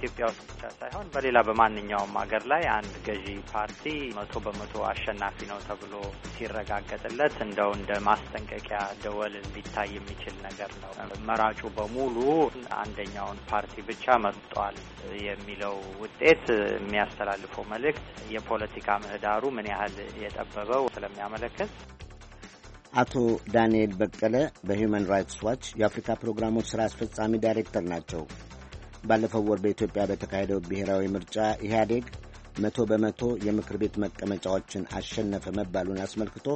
በኢትዮጵያ ውስጥ ብቻ ሳይሆን በሌላ በማንኛውም ሀገር ላይ አንድ ገዢ ፓርቲ መቶ በመቶ አሸናፊ ነው ተብሎ ሲረጋገጥለት እንደው እንደ ማስጠንቀቂያ ደወል ሊታይ የሚችል ነገር ነው። መራጩ በሙሉ አንደኛውን ፓርቲ ብቻ መርጧል የሚለው ውጤት የሚያስተላልፈው መልእክት የፖለቲካ ምህዳሩ ምን ያህል የጠበበው ስለሚያመለክት አቶ ዳንኤል በቀለ በሂውማን ራይትስ ዋች የአፍሪካ ፕሮግራሞች ሥራ አስፈጻሚ ዳይሬክተር ናቸው። ባለፈው ወር በኢትዮጵያ በተካሄደው ብሔራዊ ምርጫ ኢህአዴግ መቶ በመቶ የምክር ቤት መቀመጫዎችን አሸነፈ መባሉን አስመልክቶ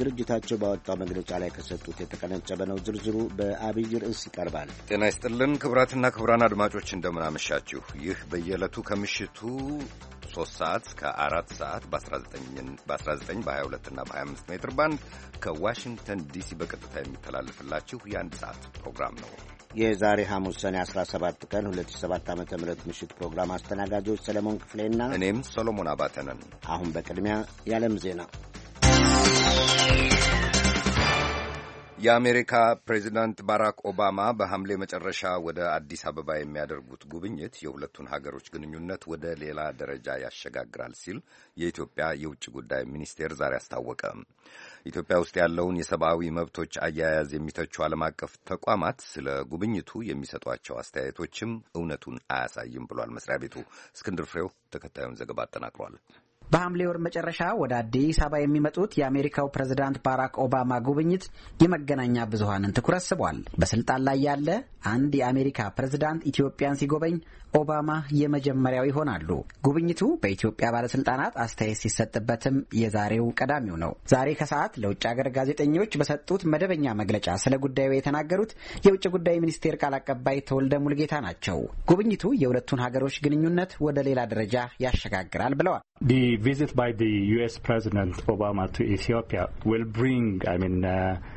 ድርጅታቸው ባወጣው መግለጫ ላይ ከሰጡት የተቀነጨበ ነው። ዝርዝሩ በአብይ ርዕስ ይቀርባል። ጤና ይስጥልን ክቡራትና ክቡራን አድማጮች እንደምናመሻችሁ። ይህ በየዕለቱ ከምሽቱ 3 ሰዓት እስከ 4 ሰዓት በ19 በ22 እና በ25 ሜትር ባንድ ከዋሽንግተን ዲሲ በቀጥታ የሚተላለፍላችሁ የአንድ ሰዓት ፕሮግራም ነው። የዛሬ ሐሙስ ሰኔ 17 ቀን 2007 ዓ ም ምሽት ፕሮግራም አስተናጋጆች ሰለሞን ክፍሌና እኔም ሰሎሞን አባተ ነን። አሁን በቅድሚያ የዓለም ዜና። የአሜሪካ ፕሬዚዳንት ባራክ ኦባማ በሐምሌ መጨረሻ ወደ አዲስ አበባ የሚያደርጉት ጉብኝት የሁለቱን ሀገሮች ግንኙነት ወደ ሌላ ደረጃ ያሸጋግራል ሲል የኢትዮጵያ የውጭ ጉዳይ ሚኒስቴር ዛሬ አስታወቀ። ኢትዮጵያ ውስጥ ያለውን የሰብአዊ መብቶች አያያዝ የሚተቹ ዓለም አቀፍ ተቋማት ስለ ጉብኝቱ የሚሰጧቸው አስተያየቶችም እውነቱን አያሳይም ብሏል መስሪያ ቤቱ። እስክንድር ፍሬው ተከታዩን ዘገባ አጠናቅሯል። በሐምሌ ወር መጨረሻ ወደ አዲስ አበባ የሚመጡት የአሜሪካው ፕሬዝዳንት ባራክ ኦባማ ጉብኝት የመገናኛ ብዙሀንን ትኩረት ስቧል። በስልጣን ላይ ያለ አንድ የአሜሪካ ፕሬዝዳንት ኢትዮጵያን ሲጎበኝ ኦባማ የመጀመሪያው ይሆናሉ። ጉብኝቱ በኢትዮጵያ ባለስልጣናት አስተያየት ሲሰጥበትም የዛሬው ቀዳሚው ነው። ዛሬ ከሰዓት ለውጭ ሀገር ጋዜጠኞች በሰጡት መደበኛ መግለጫ ስለ ጉዳዩ የተናገሩት የውጭ ጉዳይ ሚኒስቴር ቃል አቀባይ ተወልደ ሙልጌታ ናቸው። ጉብኝቱ የሁለቱን ሀገሮች ግንኙነት ወደ ሌላ ደረጃ ያሸጋግራል ብለዋል። The visit by the US President Obama to Ethiopia will bring, I mean, uh,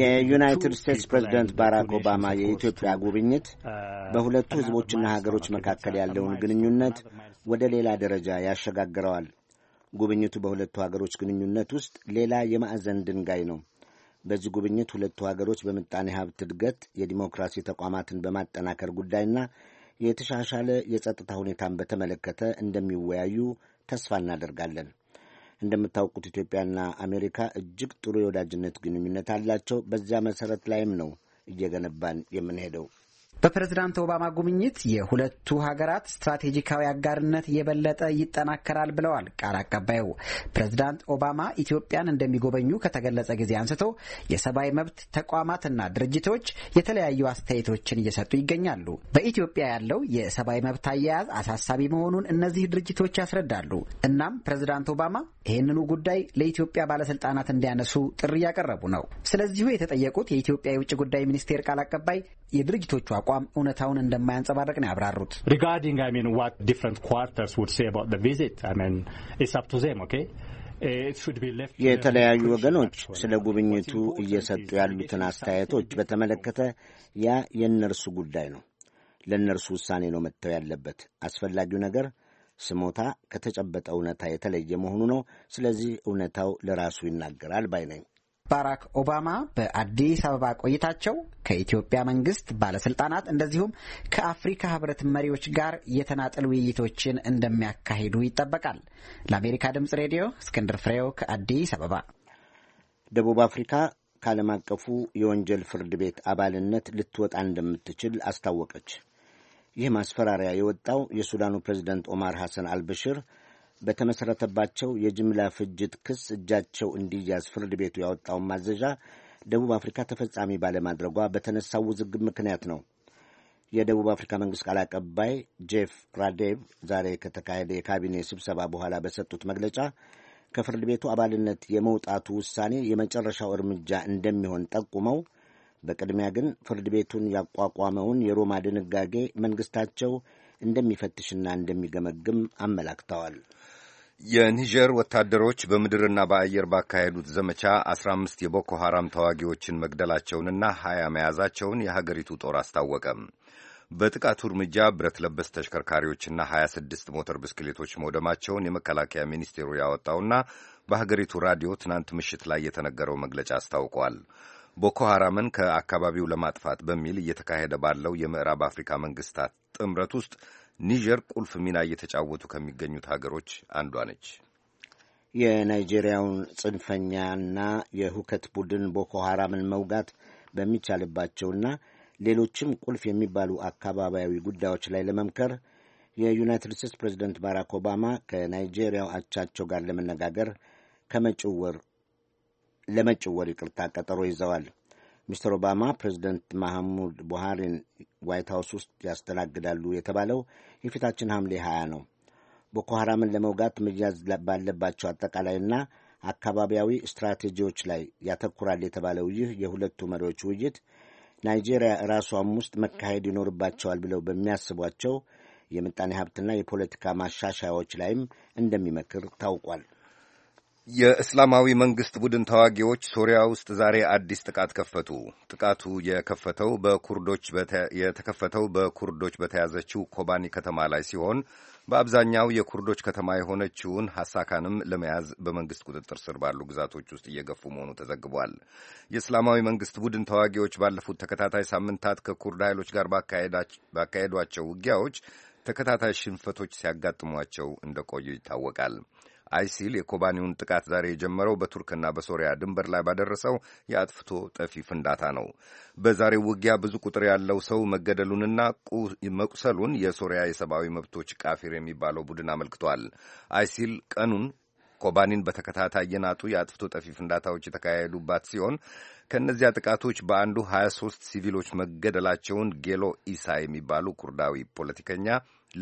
የዩናይትድ ስቴትስ ፕሬዚደንት ባራክ ኦባማ የኢትዮጵያ ጉብኝት uh, በሁለቱ ሕዝቦችና ሀገሮች መካከል ያለውን ግንኙነት ወደ ሌላ ደረጃ ያሸጋግረዋል። ጉብኝቱ በሁለቱ ሀገሮች ግንኙነት ውስጥ ሌላ የማዕዘን ድንጋይ ነው። በዚህ ጉብኝት ሁለቱ ሀገሮች በምጣኔ ሀብት እድገት፣ የዲሞክራሲ ተቋማትን በማጠናከር ጉዳይና የተሻሻለ የጸጥታ ሁኔታን በተመለከተ እንደሚወያዩ ተስፋ እናደርጋለን። እንደምታውቁት ኢትዮጵያና አሜሪካ እጅግ ጥሩ የወዳጅነት ግንኙነት አላቸው። በዚያ መሰረት ላይም ነው እየገነባን የምንሄደው። በፕሬዝዳንት ኦባማ ጉብኝት የሁለቱ ሀገራት ስትራቴጂካዊ አጋርነት የበለጠ ይጠናከራል ብለዋል ቃል አቀባዩ። ፕሬዝዳንት ኦባማ ኢትዮጵያን እንደሚጎበኙ ከተገለጸ ጊዜ አንስቶ የሰብአዊ መብት ተቋማትና ድርጅቶች የተለያዩ አስተያየቶችን እየሰጡ ይገኛሉ። በኢትዮጵያ ያለው የሰብአዊ መብት አያያዝ አሳሳቢ መሆኑን እነዚህ ድርጅቶች ያስረዳሉ። እናም ፕሬዝዳንት ኦባማ ይህንኑ ጉዳይ ለኢትዮጵያ ባለስልጣናት እንዲያነሱ ጥሪ ያቀረቡ ነው። ስለዚሁ የተጠየቁት የኢትዮጵያ የውጭ ጉዳይ ሚኒስቴር ቃል አቀባይ የድርጅቶቹ አቋም እውነታውን እንደማያንጸባረቅ ነው ያብራሩት። የተለያዩ ወገኖች ስለ ጉብኝቱ እየሰጡ ያሉትን አስተያየቶች በተመለከተ ያ የእነርሱ ጉዳይ ነው። ለእነርሱ ውሳኔ ነው መጥተው ያለበት። አስፈላጊው ነገር ስሞታ ከተጨበጠ እውነታ የተለየ መሆኑ ነው። ስለዚህ እውነታው ለራሱ ይናገራል ባይ ነኝ። ባራክ ኦባማ በአዲስ አበባ ቆይታቸው ከኢትዮጵያ መንግስት ባለስልጣናት እንደዚሁም ከአፍሪካ ህብረት መሪዎች ጋር የተናጠል ውይይቶችን እንደሚያካሂዱ ይጠበቃል። ለአሜሪካ ድምጽ ሬዲዮ እስክንድር ፍሬው ከአዲስ አበባ። ደቡብ አፍሪካ ከዓለም አቀፉ የወንጀል ፍርድ ቤት አባልነት ልትወጣ እንደምትችል አስታወቀች። ይህ ማስፈራሪያ የወጣው የሱዳኑ ፕሬዝደንት ኦማር ሐሰን አልበሽር በተመሠረተባቸው የጅምላ ፍጅት ክስ እጃቸው እንዲያዝ ፍርድ ቤቱ ያወጣውን ማዘዣ ደቡብ አፍሪካ ተፈጻሚ ባለማድረጓ በተነሳው ውዝግብ ምክንያት ነው። የደቡብ አፍሪካ መንግሥት ቃል አቀባይ ጄፍ ራዴቭ ዛሬ ከተካሄደ የካቢኔ ስብሰባ በኋላ በሰጡት መግለጫ ከፍርድ ቤቱ አባልነት የመውጣቱ ውሳኔ የመጨረሻው እርምጃ እንደሚሆን ጠቁመው በቅድሚያ ግን ፍርድ ቤቱን ያቋቋመውን የሮማ ድንጋጌ መንግሥታቸው እንደሚፈትሽና እንደሚገመግም አመላክተዋል። የኒጀር ወታደሮች በምድርና በአየር ባካሄዱት ዘመቻ አምስት የቦኮ ሐራም ተዋጊዎችን መግደላቸውንና ሀያ መያዛቸውን የሀገሪቱ ጦር አስታወቀ። በጥቃቱ እርምጃ ብረት ለበስ ተሽከርካሪዎችና ስድስት ሞተር ብስክሌቶች መውደማቸውን የመከላከያ ሚኒስቴሩ ያወጣውና በሀገሪቱ ራዲዮ ትናንት ምሽት ላይ የተነገረው መግለጫ አስታውቋል። ቦኮ ሐራምን ከአካባቢው ለማጥፋት በሚል እየተካሄደ ባለው የምዕራብ አፍሪካ መንግስታት ጥምረት ውስጥ ኒጀር ቁልፍ ሚና እየተጫወቱ ከሚገኙት ሀገሮች አንዷ ነች። የናይጄሪያውን ጽንፈኛና የሁከት ቡድን ቦኮ ሐራምን መውጋት በሚቻልባቸውና ሌሎችም ቁልፍ የሚባሉ አካባቢያዊ ጉዳዮች ላይ ለመምከር የዩናይትድ ስቴትስ ፕሬዚደንት ባራክ ኦባማ ከናይጄሪያው አቻቸው ጋር ለመነጋገር ከመጭወር ለመጭወር ይቅርታ ቀጠሮ ይዘዋል። ሚስተር ኦባማ ፕሬዚደንት ማህሙድ ቡሃሪን ዋይት ሀውስ ውስጥ ያስተናግዳሉ የተባለው የፊታችን ሐምሌ 20 ነው። ቦኮ ሐራምን ለመውጋት መያዝ ባለባቸው አጠቃላይና አካባቢያዊ ስትራቴጂዎች ላይ ያተኩራል የተባለው ይህ የሁለቱ መሪዎች ውይይት ናይጄሪያ ራሷም ውስጥ መካሄድ ይኖርባቸዋል ብለው በሚያስቧቸው የምጣኔ ሀብትና የፖለቲካ ማሻሻያዎች ላይም እንደሚመክር ታውቋል። የእስላማዊ መንግሥት ቡድን ተዋጊዎች ሶሪያ ውስጥ ዛሬ አዲስ ጥቃት ከፈቱ። ጥቃቱ የከፈተው በኩርዶች የተከፈተው በኩርዶች በተያዘችው ኮባኒ ከተማ ላይ ሲሆን በአብዛኛው የኩርዶች ከተማ የሆነችውን ሐሳካንም ለመያዝ በመንግሥት ቁጥጥር ስር ባሉ ግዛቶች ውስጥ እየገፉ መሆኑ ተዘግቧል። የእስላማዊ መንግሥት ቡድን ተዋጊዎች ባለፉት ተከታታይ ሳምንታት ከኩርድ ኃይሎች ጋር ባካሄዷቸው ውጊያዎች ተከታታይ ሽንፈቶች ሲያጋጥሟቸው እንደቆዩ ይታወቃል። አይሲል የኮባኒውን ጥቃት ዛሬ የጀመረው በቱርክና በሶሪያ ድንበር ላይ ባደረሰው የአጥፍቶ ጠፊ ፍንዳታ ነው። በዛሬው ውጊያ ብዙ ቁጥር ያለው ሰው መገደሉንና መቁሰሉን የሶሪያ የሰብአዊ መብቶች ቃፊር የሚባለው ቡድን አመልክቷል። አይሲል ቀኑን ኮባኒን በተከታታይ የናጡ የአጥፍቶ ጠፊ ፍንዳታዎች የተካሄዱባት ሲሆን ከእነዚያ ጥቃቶች በአንዱ 23 ሲቪሎች መገደላቸውን ጌሎ ኢሳ የሚባሉ ኩርዳዊ ፖለቲከኛ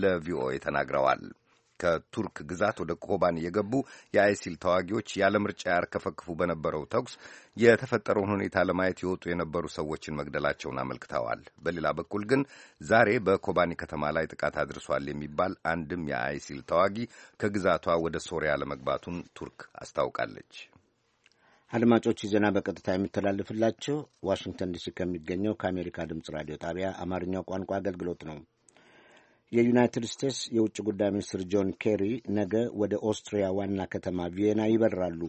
ለቪኦኤ ተናግረዋል። ከቱርክ ግዛት ወደ ኮባን የገቡ የአይሲል ተዋጊዎች ያለ ምርጫ ያርከፈክፉ በነበረው ተኩስ የተፈጠረውን ሁኔታ ለማየት የወጡ የነበሩ ሰዎችን መግደላቸውን አመልክተዋል። በሌላ በኩል ግን ዛሬ በኮባኒ ከተማ ላይ ጥቃት አድርሷል የሚባል አንድም የአይሲል ተዋጊ ከግዛቷ ወደ ሶሪያ ለመግባቱን ቱርክ አስታውቃለች። አድማጮች ዜና በቀጥታ የሚተላልፍላቸው ዋሽንግተን ዲሲ ከሚገኘው ከአሜሪካ ድምፅ ራዲዮ ጣቢያ አማርኛው ቋንቋ አገልግሎት ነው። የዩናይትድ ስቴትስ የውጭ ጉዳይ ሚኒስትር ጆን ኬሪ ነገ ወደ ኦስትሪያ ዋና ከተማ ቪየና ይበራሉ።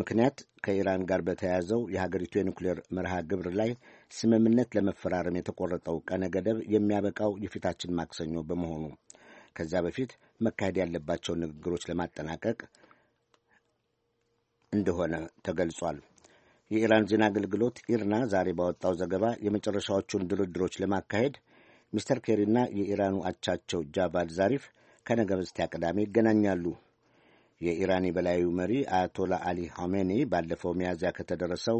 ምክንያት ከኢራን ጋር በተያያዘው የሀገሪቱ የኒውክሌር መርሃ ግብር ላይ ስምምነት ለመፈራረም የተቆረጠው ቀነ ገደብ የሚያበቃው የፊታችን ማክሰኞ በመሆኑ ከዚያ በፊት መካሄድ ያለባቸውን ንግግሮች ለማጠናቀቅ እንደሆነ ተገልጿል። የኢራን ዜና አገልግሎት ኢርና ዛሬ ባወጣው ዘገባ የመጨረሻዎቹን ድርድሮች ለማካሄድ ሚስተር ኬሪና የኢራኑ አቻቸው ጃቫድ ዛሪፍ ከነገ በስቲያ ቅዳሜ ይገናኛሉ። የኢራን የበላዩ መሪ አያቶላ አሊ ሐሜኒ ባለፈው ሚያዝያ ከተደረሰው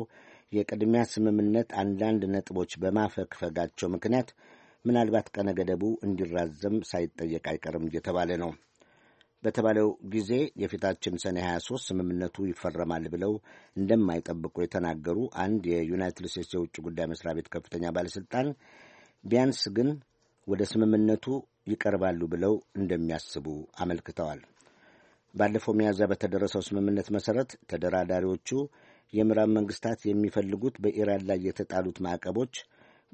የቅድሚያ ስምምነት አንዳንድ ነጥቦች በማፈግፈጋቸው ምክንያት ምናልባት ቀነ ገደቡ እንዲራዘም ሳይጠየቅ አይቀርም እየተባለ ነው። በተባለው ጊዜ የፊታችን ሰኔ 23 ስምምነቱ ይፈረማል ብለው እንደማይጠብቁ የተናገሩ አንድ የዩናይትድ ስቴትስ የውጭ ጉዳይ መስሪያ ቤት ከፍተኛ ባለሥልጣን ቢያንስ ግን ወደ ስምምነቱ ይቀርባሉ ብለው እንደሚያስቡ አመልክተዋል። ባለፈው ሚያዝያ በተደረሰው ስምምነት መሠረት ተደራዳሪዎቹ የምዕራብ መንግስታት የሚፈልጉት በኢራን ላይ የተጣሉት ማዕቀቦች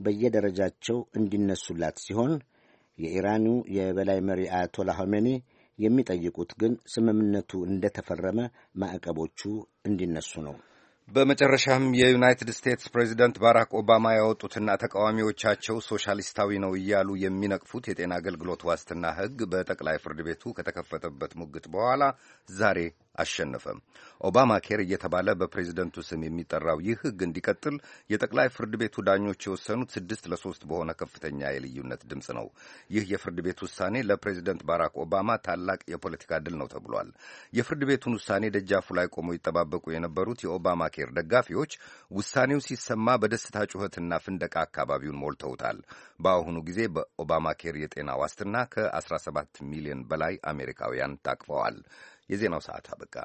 በየደረጃቸው እንዲነሱላት ሲሆን የኢራኑ የበላይ መሪ አያቶላ ሆሜኒ የሚጠይቁት ግን ስምምነቱ እንደተፈረመ ማዕቀቦቹ እንዲነሱ ነው። በመጨረሻም የዩናይትድ ስቴትስ ፕሬዚደንት ባራክ ኦባማ ያወጡትና ተቃዋሚዎቻቸው ሶሻሊስታዊ ነው እያሉ የሚነቅፉት የጤና አገልግሎት ዋስትና ሕግ በጠቅላይ ፍርድ ቤቱ ከተከፈተበት ሙግት በኋላ ዛሬ አሸነፈ። ኦባማ ኬር እየተባለ በፕሬዚደንቱ ስም የሚጠራው ይህ ሕግ እንዲቀጥል የጠቅላይ ፍርድ ቤቱ ዳኞች የወሰኑት ስድስት ለሶስት በሆነ ከፍተኛ የልዩነት ድምፅ ነው። ይህ የፍርድ ቤት ውሳኔ ለፕሬዚደንት ባራክ ኦባማ ታላቅ የፖለቲካ ድል ነው ተብሏል። የፍርድ ቤቱን ውሳኔ ደጃፉ ላይ ቆመው ይጠባበቁ የነበሩት የኦባማ ኬር ደጋፊዎች ውሳኔው ሲሰማ በደስታ ጩኸትና ፍንደቃ አካባቢውን ሞልተውታል። በአሁኑ ጊዜ በኦባማ ኬር የጤና ዋስትና ከ17 ሚሊዮን በላይ አሜሪካውያን ታቅፈዋል። የዜናው ሰዓት አበቃ።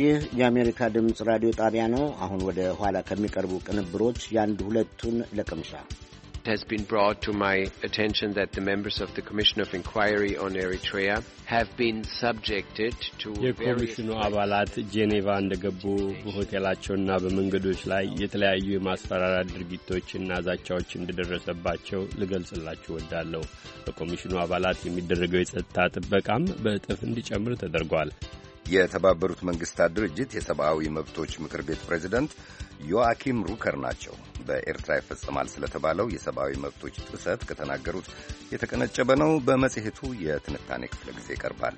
ይህ የአሜሪካ ድምፅ ራዲዮ ጣቢያ ነው። አሁን ወደ ኋላ ከሚቀርቡ ቅንብሮች የአንድ ሁለቱን ለቅምሻ It has been brought to my attention that the members of the Commission of Inquiry on Eritrea have been subjected to የኮሚሽኑ አባላት ጄኔቫ እንደገቡ በሆቴላቸውና በመንገዶች ላይ የተለያዩ የማስፈራራት ድርጊቶችና ዛቻዎች እንደደረሰባቸው ልገልጽላችሁ ወዳለሁ። በኮሚሽኑ አባላት የሚደረገው የጸጥታ ጥበቃም በእጥፍ እንዲጨምር ተደርጓል። የተባበሩት መንግስታት ድርጅት የሰብአዊ መብቶች ምክር ቤት ፕሬዚደንት ዮአኪም ሩከር ናቸው። በኤርትራ ይፈጸማል ስለተባለው የሰብአዊ መብቶች ጥሰት ከተናገሩት የተቀነጨበ ነው። በመጽሔቱ የትንታኔ ክፍለ ጊዜ ይቀርባል።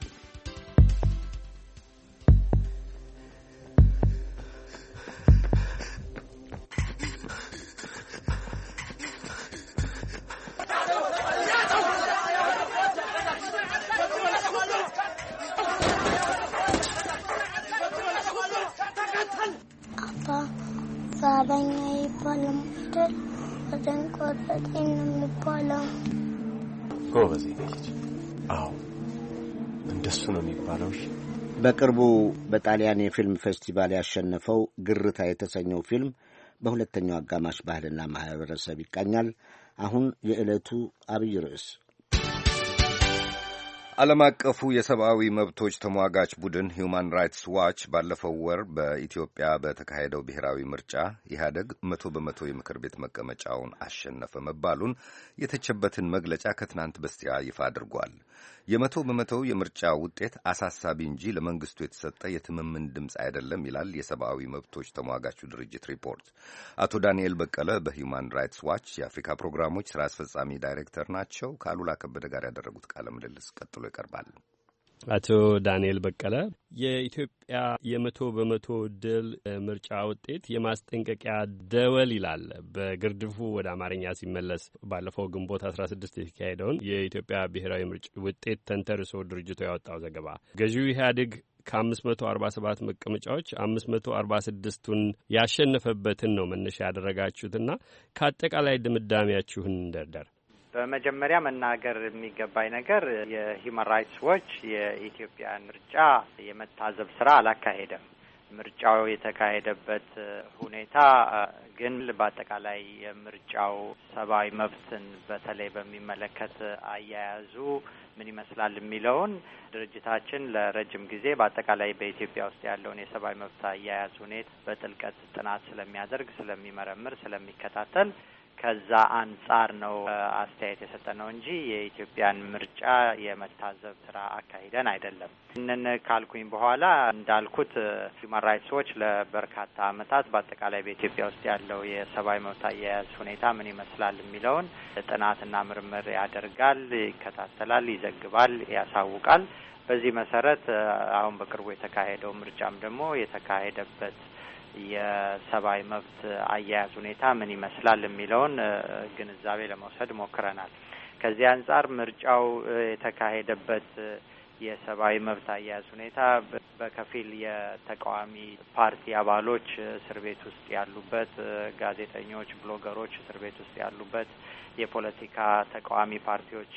ነው የሚባለው። አዎ እንደሱ ነው የሚባለው። በቅርቡ በጣሊያን የፊልም ፌስቲቫል ያሸነፈው ግርታ የተሰኘው ፊልም በሁለተኛው አጋማሽ ባህልና ማህበረሰብ ይቃኛል። አሁን የዕለቱ አብይ ርዕስ ዓለም አቀፉ የሰብአዊ መብቶች ተሟጋች ቡድን ሂውማን ራይትስ ዋች ባለፈው ወር በኢትዮጵያ በተካሄደው ብሔራዊ ምርጫ ኢህአደግ መቶ በመቶ የምክር ቤት መቀመጫውን አሸነፈ መባሉን የተቸበትን መግለጫ ከትናንት በስቲያ ይፋ አድርጓል። የመቶ በመቶው የምርጫ ውጤት አሳሳቢ እንጂ ለመንግስቱ የተሰጠ የትምምን ድምፅ አይደለም ይላል የሰብአዊ መብቶች ተሟጋቹ ድርጅት ሪፖርት። አቶ ዳንኤል በቀለ በሂውማን ራይትስ ዋች የአፍሪካ ፕሮግራሞች ስራ አስፈጻሚ ዳይሬክተር ናቸው። ከአሉላ ከበደ ጋር ያደረጉት ቃለ ምልልስ ቀጥሎ ይቀርባል። አቶ ዳንኤል በቀለ የኢትዮጵያ የመቶ በመቶ ድል ምርጫ ውጤት የማስጠንቀቂያ ደወል ይላል በግርድፉ ወደ አማርኛ ሲመለስ ባለፈው ግንቦት 16 የተካሄደውን የኢትዮጵያ ብሔራዊ ምርጫ ውጤት ተንተርሶ ድርጅቱ ያወጣው ዘገባ ገዢው ኢህአዴግ ከ547 መቀመጫዎች 546ቱን ያሸነፈበትን ነው መነሻ ያደረጋችሁትና ከአጠቃላይ ድምዳሜያችሁን እንደርደር። በመጀመሪያ መናገር የሚገባኝ ነገር የሂማን ራይትስ ዎች የኢትዮጵያን ምርጫ የመታዘብ ስራ አላካሄደም። ምርጫው የተካሄደበት ሁኔታ ግን በአጠቃላይ የምርጫው ሰብአዊ መብትን በተለይ በሚመለከት አያያዙ ምን ይመስላል የሚለውን ድርጅታችን ለረጅም ጊዜ በአጠቃላይ በኢትዮጵያ ውስጥ ያለውን የሰብአዊ መብት አያያዝ ሁኔታ በጥልቀት ጥናት ስለሚያደርግ፣ ስለሚመረምር፣ ስለሚከታተል ከዛ አንጻር ነው አስተያየት የሰጠ ነው እንጂ የኢትዮጵያን ምርጫ የመታዘብ ስራ አካሂደን አይደለም። ይህንን ካልኩኝ በኋላ እንዳልኩት ሂውማን ራይትስ ዎች ለበርካታ አመታት በአጠቃላይ በኢትዮጵያ ውስጥ ያለው የሰብአዊ መብት አያያዝ ሁኔታ ምን ይመስላል የሚለውን ጥናትና ምርምር ያደርጋል፣ ይከታተላል፣ ይዘግባል፣ ያሳውቃል። በዚህ መሰረት አሁን በቅርቡ የተካሄደው ምርጫም ደግሞ የተካሄደበት የሰብአዊ መብት አያያዝ ሁኔታ ምን ይመስላል የሚለውን ግንዛቤ ለመውሰድ ሞክረናል። ከዚህ አንጻር ምርጫው የተካሄደበት የሰብአዊ መብት አያያዝ ሁኔታ በከፊል የተቃዋሚ ፓርቲ አባሎች እስር ቤት ውስጥ ያሉበት፣ ጋዜጠኞች፣ ብሎገሮች እስር ቤት ውስጥ ያሉበት፣ የፖለቲካ ተቃዋሚ ፓርቲዎች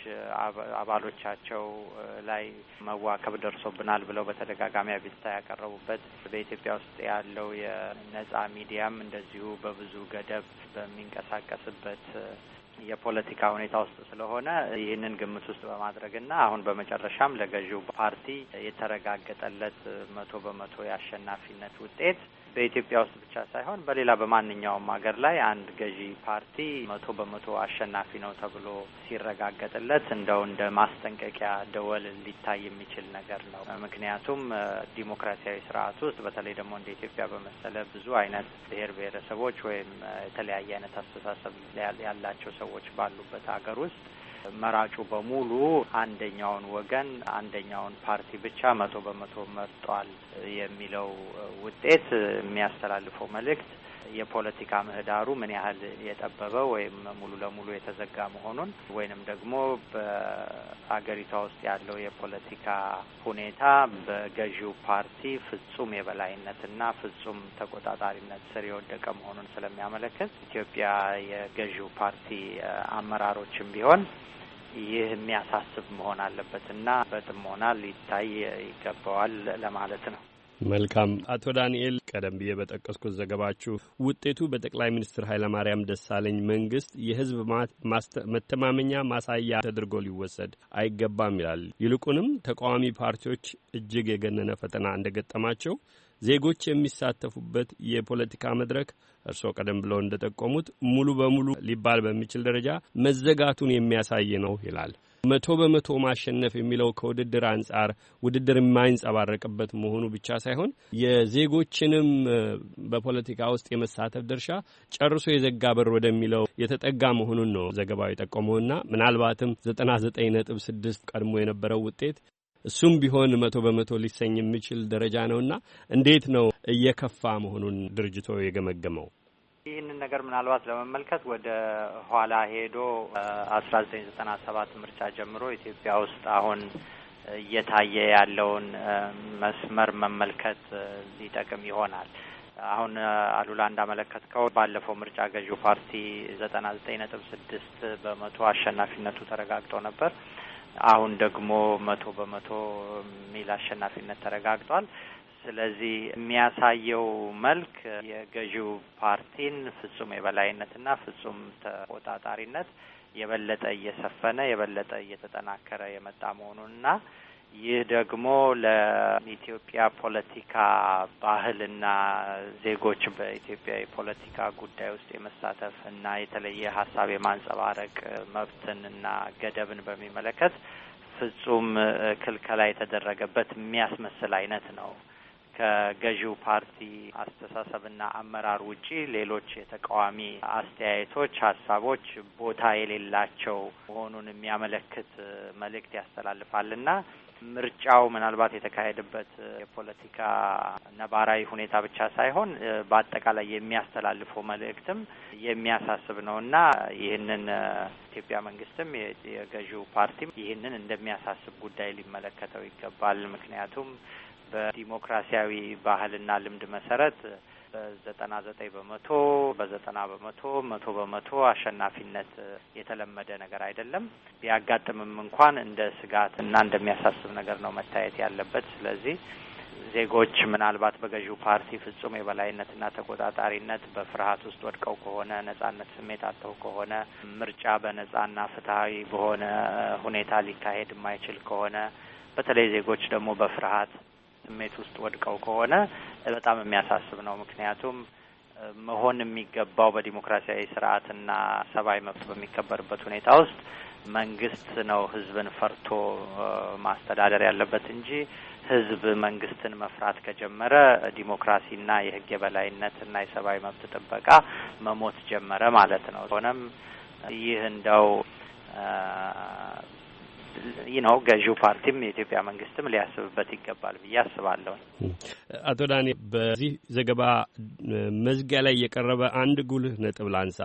አባሎቻቸው ላይ መዋከብ ደርሶብናል ብለው በተደጋጋሚ አቤቱታ ያቀረቡበት፣ በኢትዮጵያ ውስጥ ያለው የነጻ ሚዲያም እንደዚሁ በብዙ ገደብ በሚንቀሳቀስበት የፖለቲካ ሁኔታ ውስጥ ስለሆነ ይህንን ግምት ውስጥ በማድረግና አሁን በመጨረሻም ለገዢው ፓርቲ የተረጋገጠለት መቶ በመቶ የአሸናፊነት ውጤት በኢትዮጵያ ውስጥ ብቻ ሳይሆን በሌላ በማንኛውም ሀገር ላይ አንድ ገዢ ፓርቲ መቶ በመቶ አሸናፊ ነው ተብሎ ሲረጋገጥለት እንደው እንደ ማስጠንቀቂያ ደወል ሊታይ የሚችል ነገር ነው። ምክንያቱም ዲሞክራሲያዊ ስርዓት ውስጥ በተለይ ደግሞ እንደ ኢትዮጵያ በመሰለ ብዙ አይነት ብሔር ብሔረሰቦች ወይም የተለያየ አይነት አስተሳሰብ ያላቸው ሰዎች ባሉበት ሀገር ውስጥ መራጩ በሙሉ አንደኛውን ወገን አንደኛውን ፓርቲ ብቻ መቶ በመቶ መርጧል የሚለው ውጤት የሚያስተላልፈው መልእክት የፖለቲካ ምህዳሩ ምን ያህል የጠበበ ወይም ሙሉ ለሙሉ የተዘጋ መሆኑን ወይንም ደግሞ በአገሪቷ ውስጥ ያለው የፖለቲካ ሁኔታ በገዢው ፓርቲ ፍጹም የበላይነትና ፍጹም ተቆጣጣሪነት ስር የወደቀ መሆኑን ስለሚያመለክት ኢትዮጵያ የገዢው ፓርቲ አመራሮችም ቢሆን ይህ የሚያሳስብ መሆን አለበትና በጥሞና ሊታይ ይገባዋል ለማለት ነው። መልካም አቶ ዳንኤል ቀደም ብዬ በጠቀስኩት ዘገባችሁ ውጤቱ በጠቅላይ ሚኒስትር ኃይለማርያም ደሳለኝ መንግስት የህዝብ መተማመኛ ማሳያ ተደርጎ ሊወሰድ አይገባም ይላል። ይልቁንም ተቃዋሚ ፓርቲዎች እጅግ የገነነ ፈተና እንደገጠማቸው ዜጎች የሚሳተፉበት የፖለቲካ መድረክ እርስዎ ቀደም ብለው እንደጠቆሙት ሙሉ በሙሉ ሊባል በሚችል ደረጃ መዘጋቱን የሚያሳይ ነው ይላል። መቶ በመቶ ማሸነፍ የሚለው ከውድድር አንጻር ውድድር የማይንጸባረቅበት መሆኑ ብቻ ሳይሆን የዜጎችንም በፖለቲካ ውስጥ የመሳተፍ ድርሻ ጨርሶ የዘጋ በር ወደሚለው የተጠጋ መሆኑን ነው ዘገባው የጠቆመውና ምናልባትም ዘጠና ዘጠኝ ነጥብ ስድስት ቀድሞ የነበረው ውጤት እሱም ቢሆን መቶ በመቶ ሊሰኝ የሚችል ደረጃ ነውና እንዴት ነው እየከፋ መሆኑን ድርጅቶ የገመገመው? ይህንን ነገር ምናልባት ለመመልከት ወደ ኋላ ሄዶ አስራ ዘጠኝ ዘጠና ሰባት ምርጫ ጀምሮ ኢትዮጵያ ውስጥ አሁን እየታየ ያለውን መስመር መመልከት ሊጠቅም ይሆናል። አሁን አሉላ እንዳመለከትከው ባለፈው ምርጫ ገዢው ፓርቲ ዘጠና ዘጠኝ ነጥብ ስድስት በመቶ አሸናፊነቱ ተረጋግጦ ነበር። አሁን ደግሞ መቶ በመቶ ሚል አሸናፊነት ተረጋግጧል። ስለዚህ የሚያሳየው መልክ የገዢው ፓርቲን ፍጹም የበላይነትና ፍጹም ተቆጣጣሪነት የበለጠ እየሰፈነ የበለጠ እየተጠናከረ የመጣ መሆኑንና ይህ ደግሞ ለኢትዮጵያ ፖለቲካ ባህልና ዜጎች በኢትዮጵያ የፖለቲካ ጉዳይ ውስጥ የመሳተፍ እና የተለየ ሀሳብ የማንጸባረቅ መብትን እና ገደብን በሚመለከት ፍጹም ክልከላ የተደረገበት የሚያስመስል አይነት ነው። ከገዢው ፓርቲ አስተሳሰብና አመራር ውጪ ሌሎች የተቃዋሚ አስተያየቶች፣ ሀሳቦች ቦታ የሌላቸው መሆኑን የሚያመለክት መልእክት ያስተላልፋልና ምርጫው ምናልባት የተካሄደበት የፖለቲካ ነባራዊ ሁኔታ ብቻ ሳይሆን በአጠቃላይ የሚያስተላልፈው መልእክትም የሚያሳስብ ነው እና ይህንን ኢትዮጵያ መንግስትም የገዢው ፓርቲም ይህንን እንደሚያሳስብ ጉዳይ ሊመለከተው ይገባል። ምክንያቱም በዲሞክራሲያዊ ባህልና ልምድ መሰረት በዘጠና ዘጠኝ በመቶ በዘጠና በመቶ መቶ በመቶ አሸናፊነት የተለመደ ነገር አይደለም። ቢያጋጥምም እንኳን እንደ ስጋት እና እንደሚያሳስብ ነገር ነው መታየት ያለበት። ስለዚህ ዜጎች ምናልባት በገዢው ፓርቲ ፍጹም የበላይነትና ተቆጣጣሪነት በፍርሀት ውስጥ ወድቀው ከሆነ ነጻነት ስሜት አጥተው ከሆነ ምርጫ በነጻና ፍትሀዊ በሆነ ሁኔታ ሊካሄድ የማይችል ከሆነ በተለይ ዜጎች ደግሞ በፍርሀት ስሜት ውስጥ ወድቀው ከሆነ በጣም የሚያሳስብ ነው። ምክንያቱም መሆን የሚገባው በዲሞክራሲያዊ ስርዓትና ሰብአዊ መብት በሚከበርበት ሁኔታ ውስጥ መንግስት ነው ህዝብን ፈርቶ ማስተዳደር ያለበት እንጂ ህዝብ መንግስትን መፍራት ከጀመረ ዲሞክራሲና የህግ የበላይነትና የሰብአዊ መብት ጥበቃ መሞት ጀመረ ማለት ነው። ሆነም ይህ እንደው ይህ ነው ገዢው ፓርቲም የኢትዮጵያ መንግስትም ሊያስብበት ይገባል ብዬ አስባለሁ። አቶ ዳኔ በዚህ ዘገባ መዝጊያ ላይ የቀረበ አንድ ጉልህ ነጥብ ላንሳ።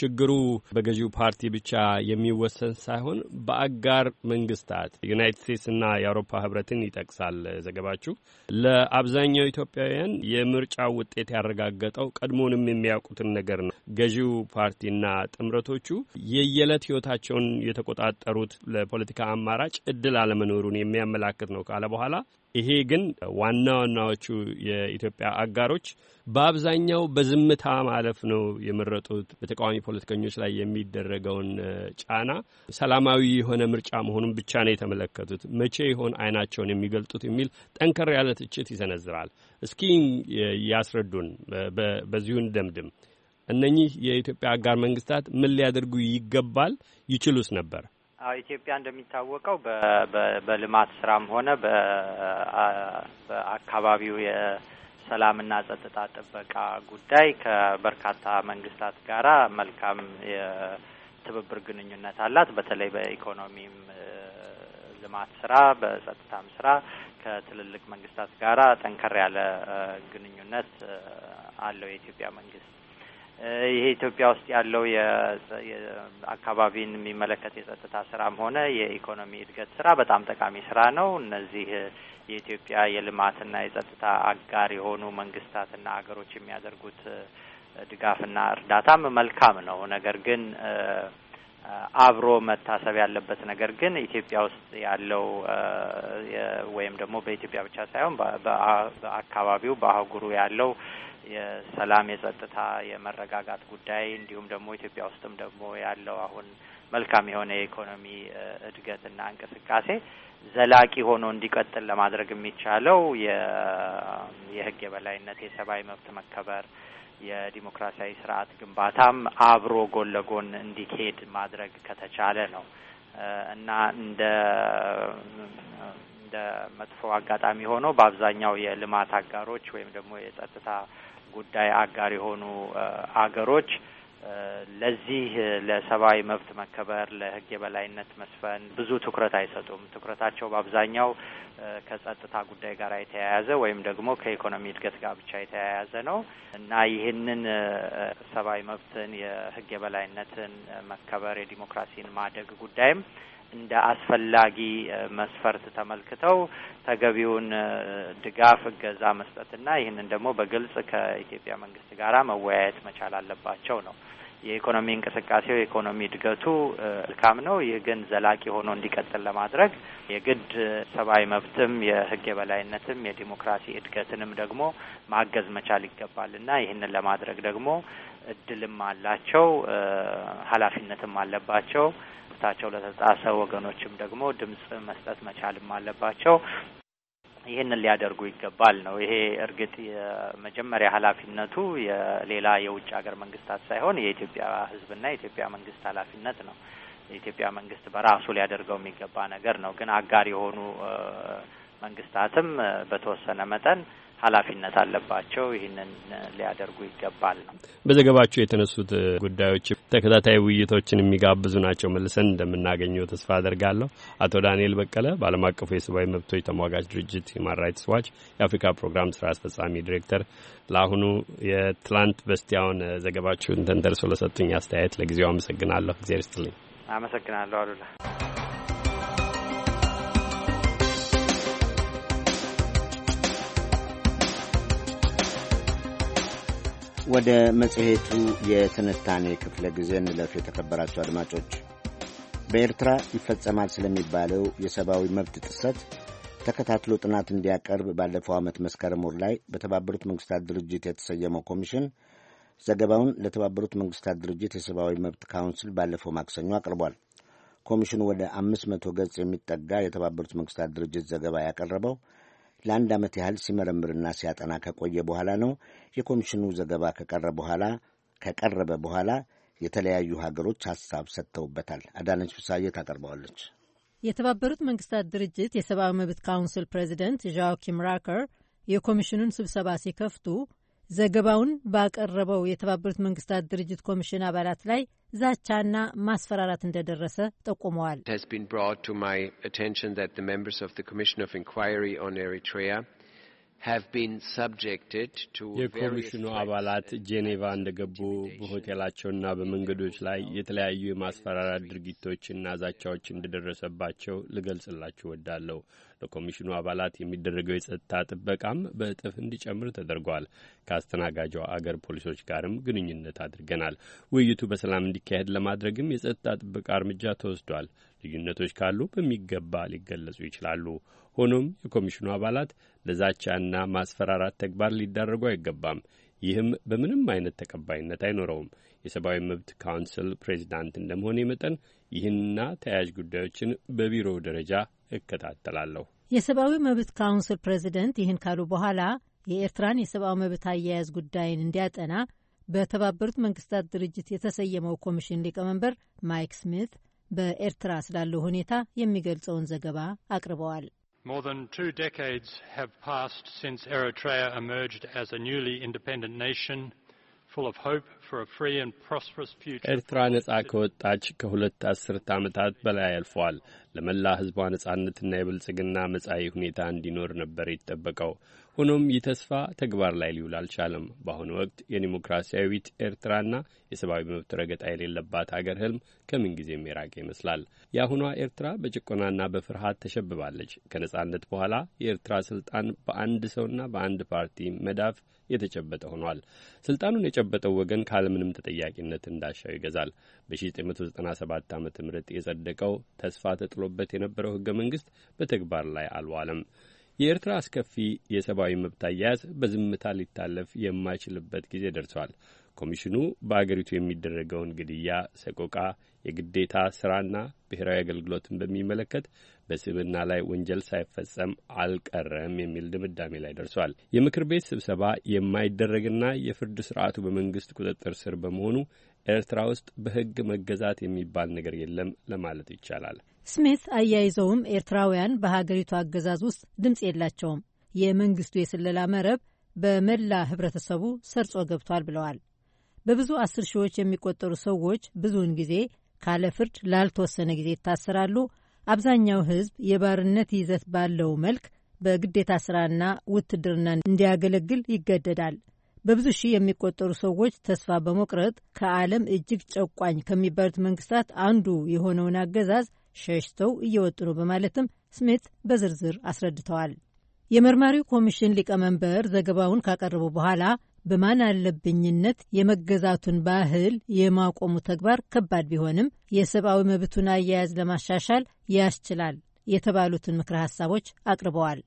ችግሩ በገዢው ፓርቲ ብቻ የሚወሰን ሳይሆን በአጋር መንግስታት ዩናይትድ ስቴትስና የአውሮፓ ህብረትን ይጠቅሳል ዘገባችሁ። ለአብዛኛው ኢትዮጵያውያን የምርጫ ውጤት ያረጋገጠው ቀድሞንም የሚያውቁትን ነገር ነው። ገዢው ፓርቲና ጥምረቶቹ የየዕለት ህይወታቸውን የተቆጣጠሩት ለፖለቲካ አማራጭ እድል አለመኖሩን የሚያመላክት ነው ካለ በኋላ ይሄ ግን ዋና ዋናዎቹ የኢትዮጵያ አጋሮች በአብዛኛው በዝምታ ማለፍ ነው የመረጡት። በተቃዋሚ ፖለቲከኞች ላይ የሚደረገውን ጫና ሰላማዊ የሆነ ምርጫ መሆኑን ብቻ ነው የተመለከቱት። መቼ ይሆን አይናቸውን የሚገልጡት የሚል ጠንከር ያለ ትችት ይሰነዝራል። እስኪ ያስረዱን፣ በዚሁን ደምድም እነኚህ የኢትዮጵያ አጋር መንግስታት ምን ሊያደርጉ ይገባል? ይችሉስ ነበር? ኢትዮጵያ እንደሚታወቀው በልማት ስራም ሆነ በአካባቢው የሰላምና ጸጥታ ጥበቃ ጉዳይ ከበርካታ መንግስታት ጋራ መልካም የትብብር ግንኙነት አላት። በተለይ በኢኮኖሚም ልማት ስራ፣ በጸጥታም ስራ ከትልልቅ መንግስታት ጋራ ጠንከር ያለ ግንኙነት አለው የኢትዮጵያ መንግስት። ይሄ ኢትዮጵያ ውስጥ ያለው አካባቢን የሚመለከት የጸጥታ ስራም ሆነ የኢኮኖሚ እድገት ስራ በጣም ጠቃሚ ስራ ነው። እነዚህ የኢትዮጵያ የልማትና የጸጥታ አጋር የሆኑ መንግስታትና አገሮች የሚያደርጉት ድጋፍና እርዳታም መልካም ነው። ነገር ግን አብሮ መታሰብ ያለበት ነገር ግን ኢትዮጵያ ውስጥ ያለው ወይም ደግሞ በኢትዮጵያ ብቻ ሳይሆን በአካባቢው በአህጉሩ ያለው የሰላም የጸጥታ የመረጋጋት ጉዳይ እንዲሁም ደግሞ ኢትዮጵያ ውስጥም ደግሞ ያለው አሁን መልካም የሆነ የኢኮኖሚ እድገትና እንቅስቃሴ ዘላቂ ሆኖ እንዲቀጥል ለማድረግ የሚቻለው የህግ የበላይነት፣ የሰብአዊ መብት መከበር፣ የዲሞክራሲያዊ ስርዓት ግንባታም አብሮ ጎን ለጎን እንዲሄድ ማድረግ ከተቻለ ነው እና እንደ እንደ መጥፎ አጋጣሚ ሆኖ በአብዛኛው የልማት አጋሮች ወይም ደግሞ የጸጥታ ጉዳይ አጋር የሆኑ አገሮች ለዚህ ለሰብአዊ መብት መከበር ለህግ የበላይነት መስፈን ብዙ ትኩረት አይሰጡም። ትኩረታቸው በአብዛኛው ከጸጥታ ጉዳይ ጋር የተያያዘ ወይም ደግሞ ከኢኮኖሚ እድገት ጋር ብቻ የተያያዘ ነው እና ይህንን ሰብአዊ መብትን የህግ የበላይነትን መከበር የዲሞክራሲን ማደግ ጉዳይም እንደ አስፈላጊ መስፈርት ተመልክተው ተገቢውን ድጋፍ እገዛ መስጠትና ይህንን ደግሞ በግልጽ ከኢትዮጵያ መንግስት ጋራ መወያየት መቻል አለባቸው ነው። የኢኮኖሚ እንቅስቃሴው የኢኮኖሚ እድገቱ እልካም ነው። ይህ ግን ዘላቂ ሆኖ እንዲቀጥል ለማድረግ የግድ ሰብአዊ መብትም የህግ የበላይነትም የዲሞክራሲ እድገትንም ደግሞ ማገዝ መቻል ይገባል እና ይህንን ለማድረግ ደግሞ እድልም አላቸው፣ ኃላፊነትም አለባቸው። መብታቸው ለተጻፈ ወገኖችም ደግሞ ድምጽ መስጠት መቻልም አለባቸው። ይህንን ሊያደርጉ ይገባል ነው። ይሄ እርግጥ የመጀመሪያ ኃላፊነቱ የሌላ የውጭ ሀገር መንግስታት ሳይሆን የኢትዮጵያ ሕዝብና የኢትዮጵያ መንግስት ኃላፊነት ነው። የኢትዮጵያ መንግስት በራሱ ሊያደርገው የሚገባ ነገር ነው። ግን አጋር የሆኑ መንግስታትም በተወሰነ መጠን ኃላፊነት አለባቸው። ይህንን ሊያደርጉ ይገባል ነው። በዘገባቸው የተነሱት ጉዳዮች ተከታታይ ውይይቶችን የሚጋብዙ ናቸው። መልሰን እንደምናገኘው ተስፋ አደርጋለሁ። አቶ ዳንኤል በቀለ በዓለም አቀፉ የሰብአዊ መብቶች ተሟጋች ድርጅት ሂማን ራይትስ ዋች የአፍሪካ ፕሮግራም ስራ አስፈጻሚ ዲሬክተር፣ ለአሁኑ የትላንት በስቲያውን ዘገባችሁን ተንተርሶ ለሰጡኝ አስተያየት ለጊዜው አመሰግናለሁ። እግዜር ይስጥልኝ። አመሰግናለሁ አሉላ። ወደ መጽሔቱ የትንታኔ ክፍለ ጊዜ እንለፍ። የተከበራቸው አድማጮች በኤርትራ ይፈጸማል ስለሚባለው የሰብአዊ መብት ጥሰት ተከታትሎ ጥናት እንዲያቀርብ ባለፈው ዓመት መስከረም ወር ላይ በተባበሩት መንግስታት ድርጅት የተሰየመው ኮሚሽን ዘገባውን ለተባበሩት መንግስታት ድርጅት የሰብአዊ መብት ካውንስል ባለፈው ማክሰኞ አቅርቧል። ኮሚሽኑ ወደ አምስት መቶ ገጽ የሚጠጋ የተባበሩት መንግስታት ድርጅት ዘገባ ያቀረበው ለአንድ ዓመት ያህል ሲመረምርና ሲያጠና ከቆየ በኋላ ነው የኮሚሽኑ ዘገባ ከቀረ በኋላ ከቀረበ በኋላ የተለያዩ ሀገሮች ሀሳብ ሰጥተውበታል። አዳነች ፍሳዬ ታቀርበዋለች። የተባበሩት መንግስታት ድርጅት የሰብአዊ መብት ካውንስል ፕሬዚደንት ዣኪም ራከር የኮሚሽኑን ስብሰባ ሲከፍቱ ዘገባውን ባቀረበው የተባበሩት መንግስታት ድርጅት ኮሚሽን አባላት ላይ ዛቻና ማስፈራራት እንደደረሰ ጠቁመዋል። የኮሚሽኑ አባላት ጄኔቫ እንደገቡ በሆቴላቸውና በመንገዶች ላይ የተለያዩ የማስፈራራት ድርጊቶችና ዛቻዎች እንደደረሰባቸው ልገልጽላችሁ ወዳለሁ። ለኮሚሽኑ አባላት የሚደረገው የጸጥታ ጥበቃም በእጥፍ እንዲጨምር ተደርጓል። ከአስተናጋጇ አገር ፖሊሶች ጋርም ግንኙነት አድርገናል። ውይይቱ በሰላም እንዲካሄድ ለማድረግም የጸጥታ ጥበቃ እርምጃ ተወስዷል። ልዩነቶች ካሉ በሚገባ ሊገለጹ ይችላሉ። ሆኖም የኮሚሽኑ አባላት ለዛቻና ማስፈራራት ተግባር ሊዳረጉ አይገባም። ይህም በምንም አይነት ተቀባይነት አይኖረውም። የሰብአዊ መብት ካውንስል ፕሬዚዳንት እንደመሆኔ መጠን ይህንና ተያያዥ ጉዳዮችን በቢሮ ደረጃ እከታተላለሁ። የሰብአዊ መብት ካውንስል ፕሬዚደንት ይህን ካሉ በኋላ የኤርትራን የሰብአዊ መብት አያያዝ ጉዳይን እንዲያጠና በተባበሩት መንግስታት ድርጅት የተሰየመው ኮሚሽን ሊቀመንበር ማይክ ስሚት በኤርትራ ስላለው ሁኔታ የሚገልጸውን ዘገባ አቅርበዋል። More than two decades have passed since Eritrea emerged as a newly independent nation ኤርትራ ነጻ ከወጣች ከሁለት አስርት ዓመታት በላይ አልፈዋል። ለመላ ሕዝቧ ነጻነትና የብልጽግና መጻኢ ሁኔታ እንዲኖር ነበር የተጠበቀው። ሆኖም ይህ ተስፋ ተግባር ላይ ሊውል አልቻለም። በአሁኑ ወቅት የዲሞክራሲያዊት ኤርትራና የሰብአዊ መብት ረገጣ የሌለባት አገር ህልም ከምን ጊዜ የራቀ ይመስላል። የአሁኗ ኤርትራ በጭቆናና በፍርሃት ተሸብባለች። ከነጻነት በኋላ የኤርትራ ስልጣን በአንድ ሰውና በአንድ ፓርቲ መዳፍ የተጨበጠ ሆኗል። ስልጣኑን የጨበጠው ወገን ካለምንም ተጠያቂነት እንዳሻው ይገዛል። በ1997 ዓ ም የጸደቀው ተስፋ ተጥሎበት የነበረው ህገ መንግስት በተግባር ላይ አልዋለም። የኤርትራ አስከፊ የሰብአዊ መብት አያያዝ በዝምታ ሊታለፍ የማይችልበት ጊዜ ደርሷል። ኮሚሽኑ በአገሪቱ የሚደረገውን ግድያ፣ ሰቆቃ፣ የግዴታ ስራና ብሔራዊ አገልግሎትን በሚመለከት በስብና ላይ ወንጀል ሳይፈጸም አልቀረም የሚል ድምዳሜ ላይ ደርሷል። የምክር ቤት ስብሰባ የማይደረግና የፍርድ ስርዓቱ በመንግስት ቁጥጥር ስር በመሆኑ ኤርትራ ውስጥ በህግ መገዛት የሚባል ነገር የለም ለማለት ይቻላል። ስሚት አያይዘውም ኤርትራውያን በሀገሪቱ አገዛዝ ውስጥ ድምፅ የላቸውም፣ የመንግስቱ የስለላ መረብ በመላ ህብረተሰቡ ሰርጾ ገብቷል ብለዋል። በብዙ አስር ሺዎች የሚቆጠሩ ሰዎች ብዙውን ጊዜ ካለ ፍርድ ላልተወሰነ ጊዜ ይታሰራሉ አብዛኛው ሕዝብ የባርነት ይዘት ባለው መልክ በግዴታ ስራና ውትድርና እንዲያገለግል ይገደዳል። በብዙ ሺህ የሚቆጠሩ ሰዎች ተስፋ በመቁረጥ ከዓለም እጅግ ጨቋኝ ከሚባሉት መንግስታት አንዱ የሆነውን አገዛዝ ሸሽተው እየወጡ ነው በማለትም ስሜት በዝርዝር አስረድተዋል። የመርማሪው ኮሚሽን ሊቀመንበር ዘገባውን ካቀረቡ በኋላ በማን አለብኝነት የመገዛቱን ባህል የማቆሙ ተግባር ከባድ ቢሆንም የሰብአዊ መብቱን አያያዝ ለማሻሻል ያስችላል የተባሉትን ምክረ ሀሳቦች አቅርበዋል።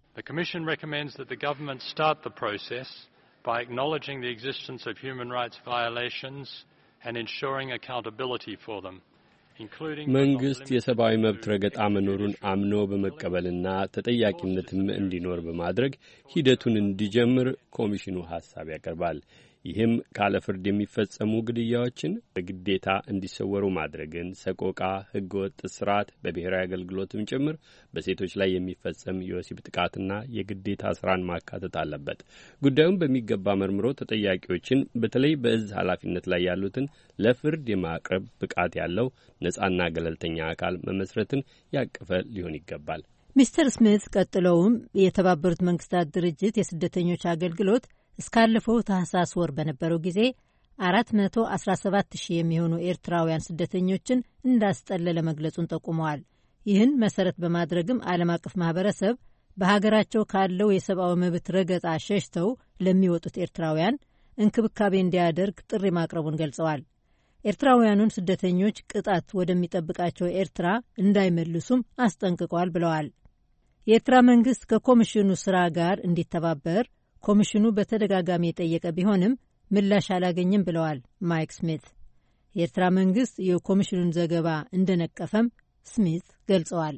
መንግስት የሰብአዊ መብት ረገጣ መኖሩን አምኖ በመቀበልና ተጠያቂነትም እንዲኖር በማድረግ ሂደቱን እንዲጀምር ኮሚሽኑ ሀሳብ ያቀርባል። ይህም ካለ ፍርድ የሚፈጸሙ ግድያዎችን በግዴታ እንዲሰወሩ ማድረግን፣ ሰቆቃ፣ ህገወጥ ስርዓት፣ በብሔራዊ አገልግሎትም ጭምር በሴቶች ላይ የሚፈጸም የወሲብ ጥቃትና የግዴታ ስራን ማካተት አለበት። ጉዳዩን በሚገባ መርምሮ ተጠያቂዎችን በተለይ በእዝ ኃላፊነት ላይ ያሉትን ለፍርድ የማቅረብ ብቃት ያለው ነጻና ገለልተኛ አካል መመስረትን ያቀፈ ሊሆን ይገባል። ሚስተር ስሚት ቀጥለውም የተባበሩት መንግስታት ድርጅት የስደተኞች አገልግሎት እስካለፈው ታህሳስ ወር በነበረው ጊዜ 417 ሺህ የሚሆኑ ኤርትራውያን ስደተኞችን እንዳስጠለለ መግለጹን ጠቁመዋል። ይህን መሰረት በማድረግም ዓለም አቀፍ ማህበረሰብ በሀገራቸው ካለው የሰብአዊ መብት ረገጣ ሸሽተው ለሚወጡት ኤርትራውያን እንክብካቤ እንዲያደርግ ጥሪ ማቅረቡን ገልጸዋል። ኤርትራውያኑን ስደተኞች ቅጣት ወደሚጠብቃቸው ኤርትራ እንዳይመልሱም አስጠንቅቋል ብለዋል። የኤርትራ መንግስት ከኮሚሽኑ ስራ ጋር እንዲተባበር ኮሚሽኑ በተደጋጋሚ የጠየቀ ቢሆንም ምላሽ አላገኝም ብለዋል ማይክ ስሚት። የኤርትራ መንግስት የኮሚሽኑን ዘገባ እንደነቀፈም ስሚት ገልጸዋል።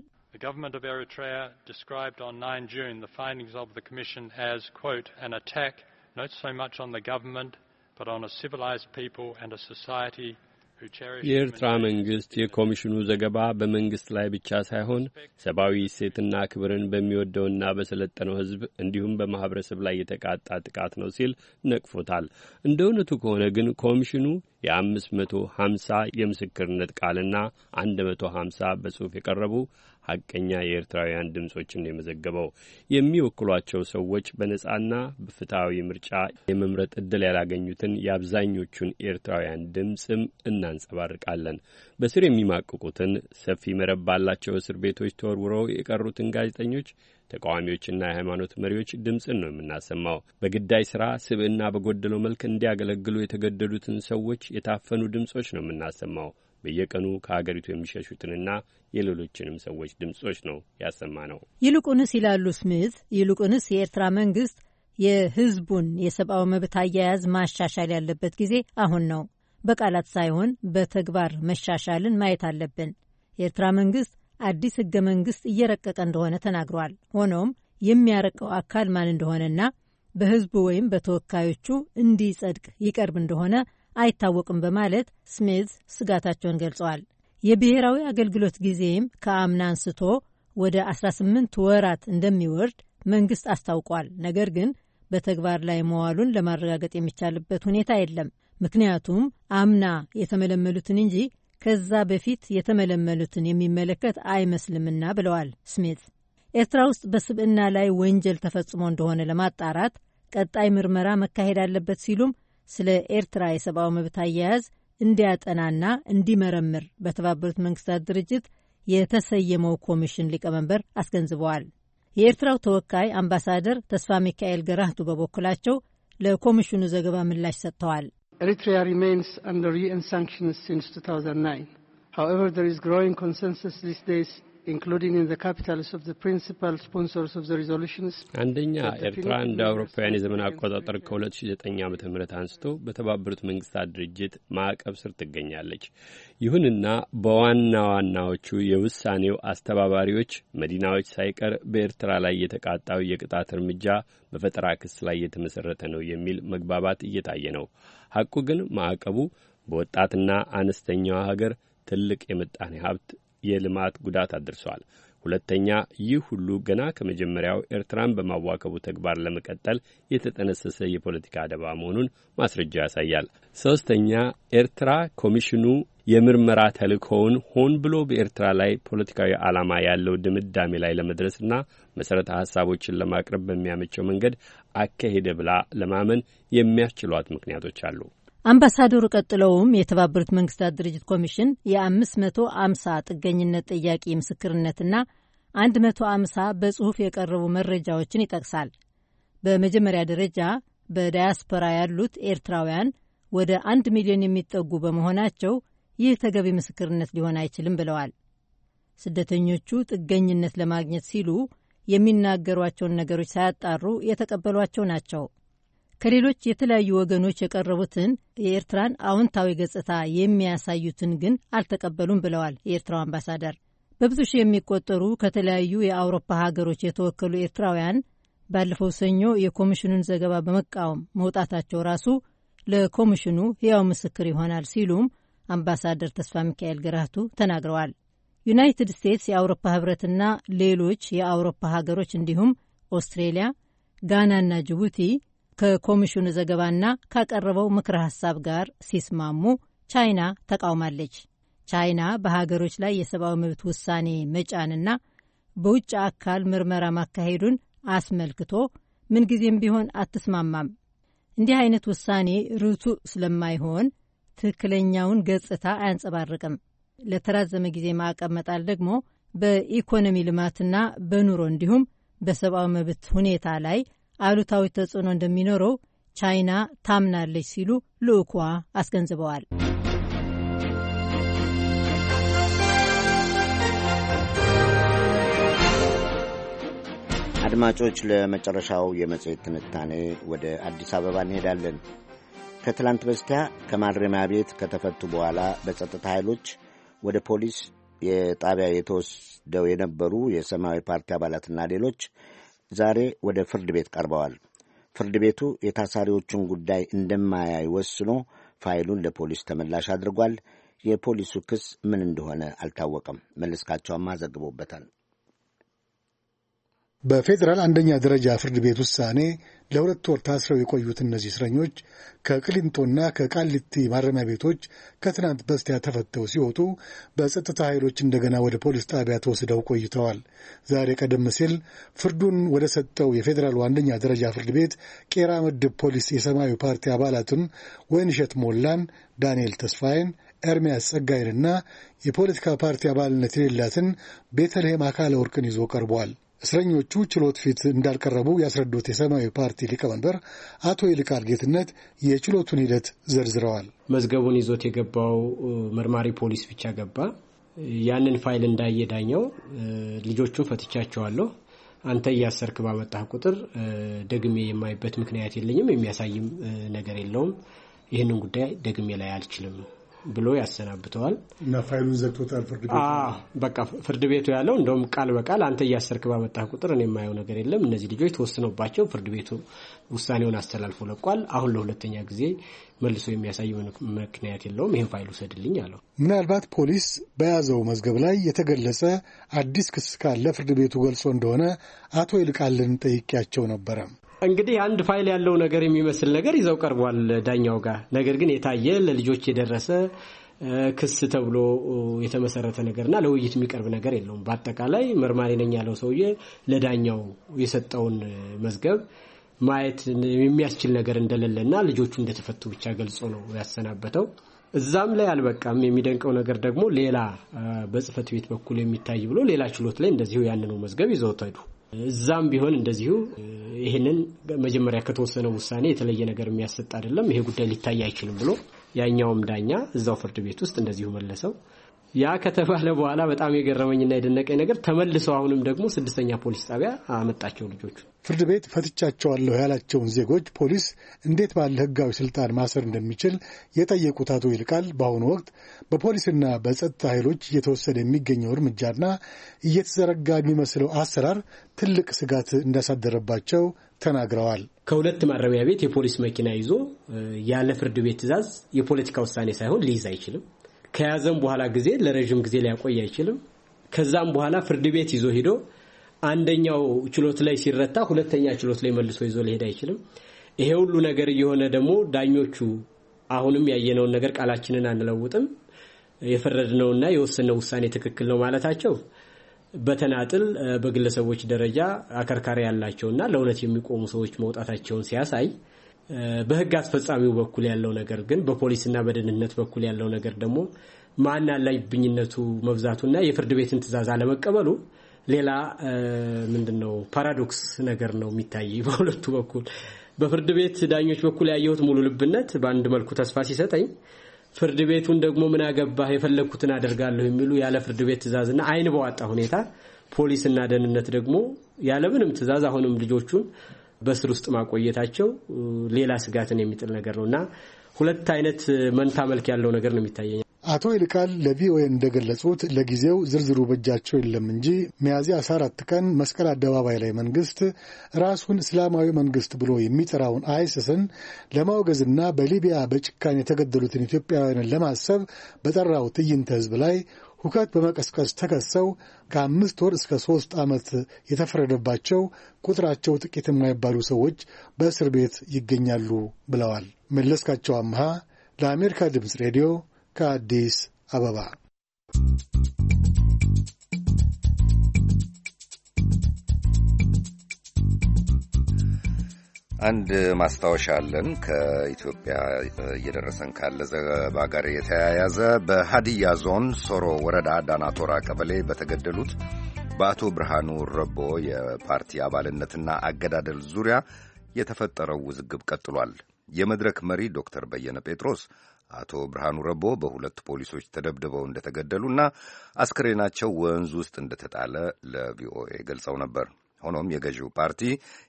የኤርትራ መንግስት የኮሚሽኑ ዘገባ በመንግስት ላይ ብቻ ሳይሆን ሰብአዊ እሴትና ክብርን በሚወደውና በሰለጠነው ሕዝብ እንዲሁም በማኅበረሰብ ላይ የተቃጣ ጥቃት ነው ሲል ነቅፎታል። እንደ እውነቱ ከሆነ ግን ኮሚሽኑ የ ሀምሳ የምስክርነት ቃልና ሀምሳ በጽሑፍ የቀረቡ ሀቀኛ የኤርትራውያን ድምጾችን የመዘገበው የሚወክሏቸው ሰዎች በነጻና በፍትሐዊ ምርጫ የመምረጥ እድል ያላገኙትን የአብዛኞቹን ኤርትራውያን ድምፅም እናንጸባርቃለን። በስር የሚማቅቁትን ሰፊ መረብ ባላቸው እስር ቤቶች ተወርውረው የቀሩትን ጋዜጠኞች ተቃዋሚዎችና የሃይማኖት መሪዎች ድምፅን ነው የምናሰማው። በግዳይ ስራ ስብዕና በጎደለው መልክ እንዲያገለግሉ የተገደዱትን ሰዎች የታፈኑ ድምጾች ነው የምናሰማው። በየቀኑ ከአገሪቱ የሚሸሹትንና የሌሎችንም ሰዎች ድምጾች ነው ያሰማ ነው። ይልቁንስ ይላሉ ስሚዝ፣ ይልቁንስ የኤርትራ መንግስት የህዝቡን የሰብአዊ መብት አያያዝ ማሻሻል ያለበት ጊዜ አሁን ነው። በቃላት ሳይሆን በተግባር መሻሻልን ማየት አለብን። የኤርትራ መንግስት አዲስ ህገ መንግስት እየረቀቀ እንደሆነ ተናግሯል። ሆኖም የሚያረቀው አካል ማን እንደሆነና በህዝቡ ወይም በተወካዮቹ እንዲጸድቅ ይቀርብ እንደሆነ አይታወቅም በማለት ስሚዝ ስጋታቸውን ገልጸዋል። የብሔራዊ አገልግሎት ጊዜም ከአምና አንስቶ ወደ 18 ወራት እንደሚወርድ መንግስት አስታውቋል። ነገር ግን በተግባር ላይ መዋሉን ለማረጋገጥ የሚቻልበት ሁኔታ የለም። ምክንያቱም አምና የተመለመሉትን እንጂ ከዛ በፊት የተመለመሉትን የሚመለከት አይመስልምና ብለዋል ስሚት። ኤርትራ ውስጥ በስብዕና ላይ ወንጀል ተፈጽሞ እንደሆነ ለማጣራት ቀጣይ ምርመራ መካሄድ አለበት ሲሉም ስለ ኤርትራ የሰብአዊ መብት አያያዝ እንዲያጠናና እንዲመረምር በተባበሩት መንግስታት ድርጅት የተሰየመው ኮሚሽን ሊቀመንበር አስገንዝበዋል። የኤርትራው ተወካይ አምባሳደር ተስፋ ሚካኤል ገራህቱ በበኩላቸው ለኮሚሽኑ ዘገባ ምላሽ ሰጥተዋል። ኤርትራ ሪሜንስ አንደር ዩኤን ሳንክሽንስ ሲንስ 2009 ሃውኤቨር ዘር ኢዝ ግሮዊንግ ኮንሰንሰስ ዚስ ዴይስ አንደኛ ኤርትራ እንደ አውሮፓውያን የዘመን አቆጣጠር ከ2009 ዓ ም አንስቶ በተባበሩት መንግስታት ድርጅት ማዕቀብ ስር ትገኛለች። ይሁንና በዋና ዋናዎቹ የውሳኔው አስተባባሪዎች መዲናዎች ሳይቀር በኤርትራ ላይ የተቃጣው የቅጣት እርምጃ በፈጠራ ክስ ላይ የተመሠረተ ነው የሚል መግባባት እየታየ ነው። ሐቁ ግን ማዕቀቡ በወጣትና አነስተኛዋ ሀገር ትልቅ የምጣኔ ሀብት የልማት ጉዳት አድርሷል። ሁለተኛ ይህ ሁሉ ገና ከመጀመሪያው ኤርትራን በማዋከቡ ተግባር ለመቀጠል የተጠነሰሰ የፖለቲካ አደባ መሆኑን ማስረጃ ያሳያል። ሶስተኛ ኤርትራ ኮሚሽኑ የምርመራ ተልእኮውን ሆን ብሎ በኤርትራ ላይ ፖለቲካዊ ዓላማ ያለው ድምዳሜ ላይ ለመድረስና መሠረተ ሀሳቦችን ለማቅረብ በሚያመቸው መንገድ አካሄደ ብላ ለማመን የሚያስችሏት ምክንያቶች አሉ። አምባሳደሩ ቀጥለውም የተባበሩት መንግስታት ድርጅት ኮሚሽን የ550 ጥገኝነት ጥያቄ ምስክርነትና 150 በጽሑፍ የቀረቡ መረጃዎችን ይጠቅሳል። በመጀመሪያ ደረጃ በዳያስፖራ ያሉት ኤርትራውያን ወደ አንድ ሚሊዮን የሚጠጉ በመሆናቸው ይህ ተገቢ ምስክርነት ሊሆን አይችልም ብለዋል። ስደተኞቹ ጥገኝነት ለማግኘት ሲሉ የሚናገሯቸውን ነገሮች ሳያጣሩ የተቀበሏቸው ናቸው። ከሌሎች የተለያዩ ወገኖች የቀረቡትን የኤርትራን አዎንታዊ ገጽታ የሚያሳዩትን ግን አልተቀበሉም ብለዋል የኤርትራው አምባሳደር። በብዙ ሺህ የሚቆጠሩ ከተለያዩ የአውሮፓ ሀገሮች የተወከሉ ኤርትራውያን ባለፈው ሰኞ የኮሚሽኑን ዘገባ በመቃወም መውጣታቸው ራሱ ለኮሚሽኑ ሕያው ምስክር ይሆናል ሲሉም አምባሳደር ተስፋ ሚካኤል ገራህቱ ተናግረዋል። ዩናይትድ ስቴትስ፣ የአውሮፓ ህብረትና ሌሎች የአውሮፓ ሀገሮች እንዲሁም ኦስትሬሊያ፣ ጋናና ጅቡቲ ከኮሚሽኑ ዘገባና ካቀረበው ምክረ ሀሳብ ጋር ሲስማሙ ቻይና ተቃውማለች። ቻይና በሀገሮች ላይ የሰብአዊ መብት ውሳኔ መጫንና በውጭ አካል ምርመራ ማካሄዱን አስመልክቶ ምንጊዜም ቢሆን አትስማማም። እንዲህ አይነት ውሳኔ ርቱ ስለማይሆን ትክክለኛውን ገጽታ አያንጸባርቅም። ለተራዘመ ጊዜ ማዕቀብ መጣል ደግሞ በኢኮኖሚ ልማትና በኑሮ እንዲሁም በሰብአዊ መብት ሁኔታ ላይ አሉታዊ ተጽዕኖ እንደሚኖረው ቻይና ታምናለች ሲሉ ልዑኳ አስገንዝበዋል። አድማጮች፣ ለመጨረሻው የመጽሔት ትንታኔ ወደ አዲስ አበባ እንሄዳለን። ከትላንት በስቲያ ከማረሚያ ቤት ከተፈቱ በኋላ በጸጥታ ኃይሎች ወደ ፖሊስ የጣቢያ የተወስደው የነበሩ የሰማያዊ ፓርቲ አባላትና ሌሎች ዛሬ ወደ ፍርድ ቤት ቀርበዋል። ፍርድ ቤቱ የታሳሪዎቹን ጉዳይ እንደማያይ ወስኖ ፋይሉን ለፖሊስ ተመላሽ አድርጓል። የፖሊሱ ክስ ምን እንደሆነ አልታወቀም። መለስካቸውማ ዘግቦበታል። በፌዴራል አንደኛ ደረጃ ፍርድ ቤት ውሳኔ ለሁለት ወር ታስረው የቆዩት እነዚህ እስረኞች ከቅሊንጦና ከቃሊቲ ማረሚያ ቤቶች ከትናንት በስቲያ ተፈተው ሲወጡ በጸጥታ ኃይሎች እንደገና ወደ ፖሊስ ጣቢያ ተወስደው ቆይተዋል። ዛሬ ቀደም ሲል ፍርዱን ወደ ሰጠው የፌዴራል አንደኛ ደረጃ ፍርድ ቤት ቄራ ምድብ ፖሊስ የሰማያዊ ፓርቲ አባላትን ወይንሸት ሞላን፣ ዳንኤል ተስፋዬን ኤርሚያስ ጸጋይንና የፖለቲካ ፓርቲ አባልነት የሌላትን ቤተልሔም አካለ ወርቅን ይዞ ቀርቧል። እስረኞቹ ችሎት ፊት እንዳልቀረቡ ያስረዱት የሰማያዊ ፓርቲ ሊቀመንበር አቶ ይልቃል ጌትነት የችሎቱን ሂደት ዘርዝረዋል። መዝገቡን ይዞት የገባው መርማሪ ፖሊስ ብቻ ገባ። ያንን ፋይል እንዳየ ዳኛው ልጆቹን ፈትቻቸዋለሁ፣ አንተ እያሰርክ ባመጣህ ቁጥር ደግሜ የማይበት ምክንያት የለኝም፣ የሚያሳይም ነገር የለውም፣ ይህንን ጉዳይ ደግሜ ላይ አልችልም ብሎ ያሰናብተዋል እና ፋይሉን ዘግቶታል። ፍርድ ቤቱ በቃ ፍርድ ቤቱ ያለው እንደውም ቃል በቃል አንተ እያሰርክ ባመጣህ ቁጥር እኔ የማየው ነገር የለም እነዚህ ልጆች ተወስኖባቸው ፍርድ ቤቱ ውሳኔውን አስተላልፎ ለቋል። አሁን ለሁለተኛ ጊዜ መልሶ የሚያሳይ ምክንያት የለውም፣ ይህን ፋይል ውሰድልኝ አለው። ምናልባት ፖሊስ በያዘው መዝገብ ላይ የተገለጸ አዲስ ክስ ካለ ፍርድ ቤቱ ገልጾ እንደሆነ አቶ ይልቃልን ጠይቄያቸው ነበረ። እንግዲህ አንድ ፋይል ያለው ነገር የሚመስል ነገር ይዘው ቀርቧል ዳኛው ጋር። ነገር ግን የታየ ለልጆች የደረሰ ክስ ተብሎ የተመሰረተ ነገርና ለውይይት የሚቀርብ ነገር የለውም። በአጠቃላይ መርማሪ ነኝ ያለው ሰውዬ ለዳኛው የሰጠውን መዝገብ ማየት የሚያስችል ነገር እንደሌለና ልጆቹ እንደተፈቱ ብቻ ገልጾ ነው ያሰናበተው። እዛም ላይ አልበቃም። የሚደንቀው ነገር ደግሞ ሌላ በጽህፈት ቤት በኩል የሚታይ ብሎ ሌላ ችሎት ላይ እንደዚሁ ያንኑ መዝገብ ይዘውት ሄዱ። እዛም ቢሆን እንደዚሁ ይህንን መጀመሪያ ከተወሰነው ውሳኔ የተለየ ነገር የሚያሰጥ አይደለም፣ ይሄ ጉዳይ ሊታይ አይችልም ብሎ ያኛውም ዳኛ እዛው ፍርድ ቤት ውስጥ እንደዚሁ መለሰው። ያ ከተባለ በኋላ በጣም የገረመኝና የደነቀኝ ነገር ተመልሰው አሁንም ደግሞ ስድስተኛ ፖሊስ ጣቢያ አመጣቸው ልጆቹ። ፍርድ ቤት ፈትቻቸዋለሁ ያላቸውን ዜጎች ፖሊስ እንዴት ባለ ሕጋዊ ስልጣን ማሰር እንደሚችል የጠየቁት አቶ ይልቃል በአሁኑ ወቅት በፖሊስና በጸጥታ ኃይሎች እየተወሰደ የሚገኘው እርምጃና እየተዘረጋ የሚመስለው አሰራር ትልቅ ስጋት እንዳሳደረባቸው ተናግረዋል። ከሁለት ማረሚያ ቤት የፖሊስ መኪና ይዞ ያለ ፍርድ ቤት ትዕዛዝ የፖለቲካ ውሳኔ ሳይሆን ሊይዝ አይችልም። ከያዘም በኋላ ጊዜ ለረዥም ጊዜ ሊያቆይ አይችልም። ከዛም በኋላ ፍርድ ቤት ይዞ ሂዶ አንደኛው ችሎት ላይ ሲረታ ሁለተኛ ችሎት ላይ መልሶ ይዞ ሊሄድ አይችልም። ይሄ ሁሉ ነገር እየሆነ ደግሞ ዳኞቹ አሁንም ያየነውን ነገር ቃላችንን አንለውጥም፣ የፈረድነውና የወሰነው ውሳኔ ትክክል ነው ማለታቸው በተናጥል በግለሰቦች ደረጃ አከርካሪ ያላቸውና ለእውነት የሚቆሙ ሰዎች መውጣታቸውን ሲያሳይ በህግ አስፈጻሚው በኩል ያለው ነገር ግን በፖሊስና በደህንነት በኩል ያለው ነገር ደግሞ ማን አላይብኝነቱ መብዛቱና የፍርድ ቤትን ትዕዛዝ አለመቀበሉ ሌላ ምንድን ነው ፓራዶክስ ነገር ነው የሚታይ በሁለቱ በኩል። በፍርድ ቤት ዳኞች በኩል ያየሁት ሙሉ ልብነት በአንድ መልኩ ተስፋ ሲሰጠኝ፣ ፍርድ ቤቱን ደግሞ ምን አገባህ የፈለግኩትን አደርጋለሁ የሚሉ ያለ ፍርድ ቤት ትእዛዝና አይን በዋጣ ሁኔታ ፖሊስና ደህንነት ደግሞ ያለምንም ትዕዛዝ አሁንም ልጆቹን በስር ውስጥ ማቆየታቸው ሌላ ስጋትን የሚጥል ነገር ነው እና ሁለት አይነት መንታ መልክ ያለው ነገር ነው የሚታየኝ። አቶ ይልቃል ለቪኦኤ እንደገለጹት ለጊዜው ዝርዝሩ በእጃቸው የለም እንጂ ሚያዝያ 14 ቀን መስቀል አደባባይ ላይ መንግስት ራሱን እስላማዊ መንግስት ብሎ የሚጠራውን አይስስን ለማውገዝና በሊቢያ በጭካኔ የተገደሉትን ኢትዮጵያውያንን ለማሰብ በጠራው ትዕይንተ ህዝብ ላይ ሁከት በመቀስቀስ ተከሰው ከአምስት ወር እስከ ሦስት ዓመት የተፈረደባቸው ቁጥራቸው ጥቂት የማይባሉ ሰዎች በእስር ቤት ይገኛሉ ብለዋል። መለስካቸው አምሃ ለአሜሪካ ድምፅ ሬዲዮ ከአዲስ አበባ አንድ ማስታወሻ አለን ከኢትዮጵያ እየደረሰን ካለ ዘገባ ጋር የተያያዘ በሀዲያ ዞን ሶሮ ወረዳ ዳናቶራ ቀበሌ በተገደሉት በአቶ ብርሃኑ ረቦ የፓርቲ አባልነትና አገዳደል ዙሪያ የተፈጠረው ውዝግብ ቀጥሏል። የመድረክ መሪ ዶክተር በየነ ጴጥሮስ አቶ ብርሃኑ ረቦ በሁለት ፖሊሶች ተደብድበው እንደተገደሉና አስክሬናቸው ወንዝ ውስጥ እንደተጣለ ለቪኦኤ ገልጸው ነበር። ሆኖም የገዢው ፓርቲ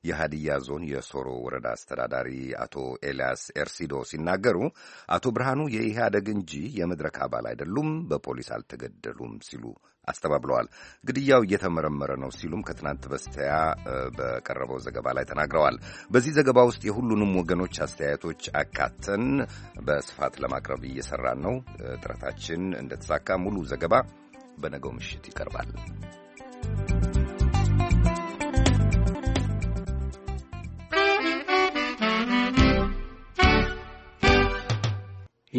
የሀዲያ ዞን የሶሮ ወረዳ አስተዳዳሪ አቶ ኤልያስ ኤርሲዶ ሲናገሩ አቶ ብርሃኑ የኢህአደግ እንጂ የመድረክ አባል አይደሉም፣ በፖሊስ አልተገደሉም ሲሉ አስተባብለዋል። ግድያው እየተመረመረ ነው ሲሉም ከትናንት በስቲያ በቀረበው ዘገባ ላይ ተናግረዋል። በዚህ ዘገባ ውስጥ የሁሉንም ወገኖች አስተያየቶች አካተን በስፋት ለማቅረብ እየሰራን ነው። ጥረታችን እንደተሳካ ሙሉ ዘገባ በነገው ምሽት ይቀርባል።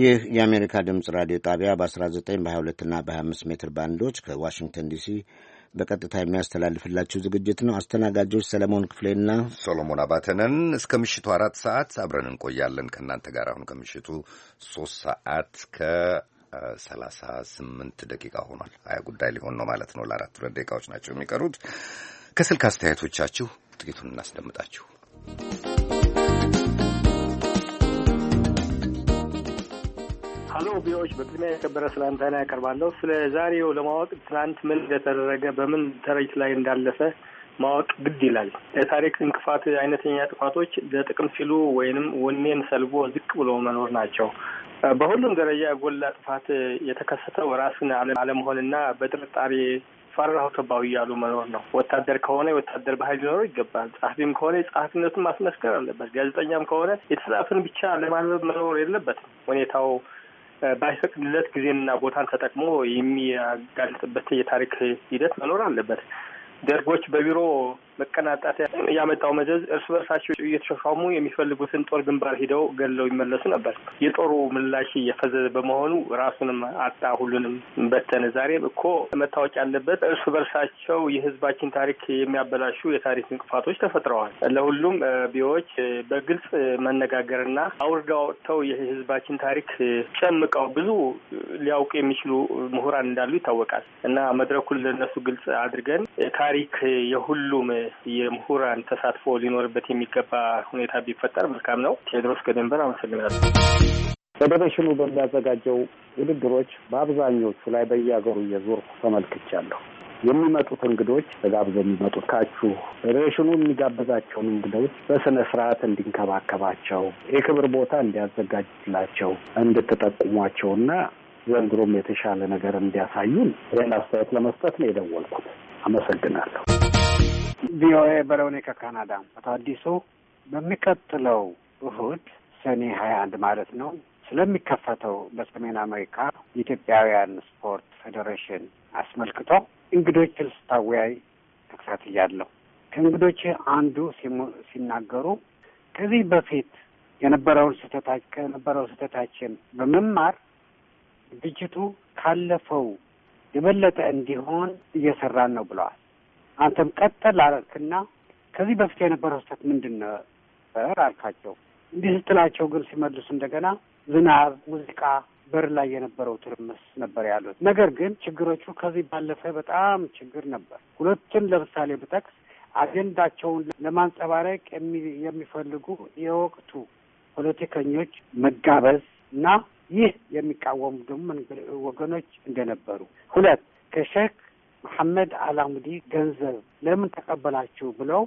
ይህ የአሜሪካ ድምፅ ራዲዮ ጣቢያ በ19 በ22ና በ25 ሜትር ባንዶች ከዋሽንግተን ዲሲ በቀጥታ የሚያስተላልፍላችሁ ዝግጅት ነው። አስተናጋጆች ሰለሞን ክፍሌና ሶሎሞን አባተነን እስከ ምሽቱ አራት ሰዓት አብረን እንቆያለን ከእናንተ ጋር። አሁን ከምሽቱ ሶስት ሰዓት ሰላሳ ስምንት ደቂቃ ሆኗል። ሀያ ጉዳይ ሊሆን ነው ማለት ነው። ለአራት ሁለት ደቂቃዎች ናቸው የሚቀሩት። ከስልክ አስተያየቶቻችሁ ጥቂቱን እናስደምጣችሁ። ሀሎ ቢዎች በቅድሚያ የከበረ ሰላምታዬን ያቀርባለሁ። ስለ ዛሬው ለማወቅ ትናንት ምን እንደተደረገ በምን ደረጃ ላይ እንዳለፈ ማወቅ ግድ ይላል። የታሪክ እንቅፋት አይነተኛ ጥፋቶች ለጥቅም ሲሉ ወይንም ወኔን ሰልቦ ዝቅ ብሎ መኖር ናቸው። በሁሉም ደረጃ የጎላ ጥፋት የተከሰተው ራስን አለመሆንና በጥርጣሬ ፈራሁ ተባሁ እያሉ መኖር ነው። ወታደር ከሆነ የወታደር ባህል ሊኖረው ይገባል። ጸሐፊም ከሆነ የጸሐፊነቱን ማስመስከር አለበት። ጋዜጠኛም ከሆነ የተጻፈን ብቻ ለማንበብ መኖር የለበትም። ሁኔታው ባይፈቅድለት ጊዜና ቦታን ተጠቅሞ የሚያጋልጥበት የታሪክ ሂደት መኖር አለበት። ደርጎች በቢሮ መቀናጣት ያመጣው መዘዝ እርስ በርሳቸው እየተሸፋሙ የሚፈልጉትን ጦር ግንባር ሂደው ገለው ይመለሱ ነበር። የጦሩ ምላሽ እየፈዘዘ በመሆኑ ራሱንም አጣ፣ ሁሉንም በተነ። ዛሬ እኮ መታወቅ ያለበት እርስ በርሳቸው የህዝባችን ታሪክ የሚያበላሹ የታሪክ እንቅፋቶች ተፈጥረዋል። ለሁሉም ቢዎች በግልጽ መነጋገርና አውርዳ ወጥተው የህዝባችን ታሪክ ጨምቀው ብዙ ሊያውቁ የሚችሉ ምሁራን እንዳሉ ይታወቃል እና መድረኩን ለነሱ ግልጽ አድርገን ታሪክ የሁሉም የምሁራን ተሳትፎ ሊኖርበት የሚገባ ሁኔታ ቢፈጠር መልካም ነው። ቴድሮስ ከደንበር አመሰግናለሁ። ፌዴሬሽኑ በሚያዘጋጀው ውድድሮች በአብዛኞቹ ላይ በየሀገሩ እየዞርኩ ተመልክቻለሁ። የሚመጡት እንግዶች ተጋብዘው የሚመጡት ካችሁ ፌዴሬሽኑ የሚጋብዛቸውን እንግዶች በስነ ስርዓት እንዲንከባከባቸው የክብር ቦታ እንዲያዘጋጅላቸው እንድትጠቁሟቸውና ዘንድሮም የተሻለ ነገር እንዲያሳዩን ይህን አስተያየት ለመስጠት ነው የደወልኩት። አመሰግናለሁ። ቪኦኤ በለውኔ ከካናዳ አቶ አዲሱ በሚቀጥለው እሁድ ሰኔ ሀያ አንድ ማለት ነው ስለሚከፈተው በሰሜን አሜሪካ የኢትዮጵያውያን ስፖርት ፌዴሬሽን አስመልክቶ እንግዶችን ስታወያይ እያለሁ ከእንግዶች አንዱ ሲናገሩ ከዚህ በፊት የነበረውን ስህተታች ከነበረው ስህተታችን በመማር ድርጅቱ ካለፈው የበለጠ እንዲሆን እየሰራን ነው ብለዋል። አንተም ቀጠል አላልክና ከዚህ በፊት የነበረው ስህተት ምንድን ነበር አልካቸው። እንዲህ ስትላቸው ግን ሲመልሱ እንደገና ዝናብ፣ ሙዚቃ፣ በር ላይ የነበረው ትርምስ ነበር ያሉት። ነገር ግን ችግሮቹ ከዚህ ባለፈ በጣም ችግር ነበር። ሁለቱን ለምሳሌ ብጠቅስ አጀንዳቸውን ለማንጸባረቅ የሚፈልጉ የወቅቱ ፖለቲከኞች መጋበዝ እና ይህ የሚቃወሙ ደግሞ ወገኖች እንደነበሩ። ሁለት ከሸክ መሐመድ አላሙዲ ገንዘብ ለምን ተቀበላችሁ ብለው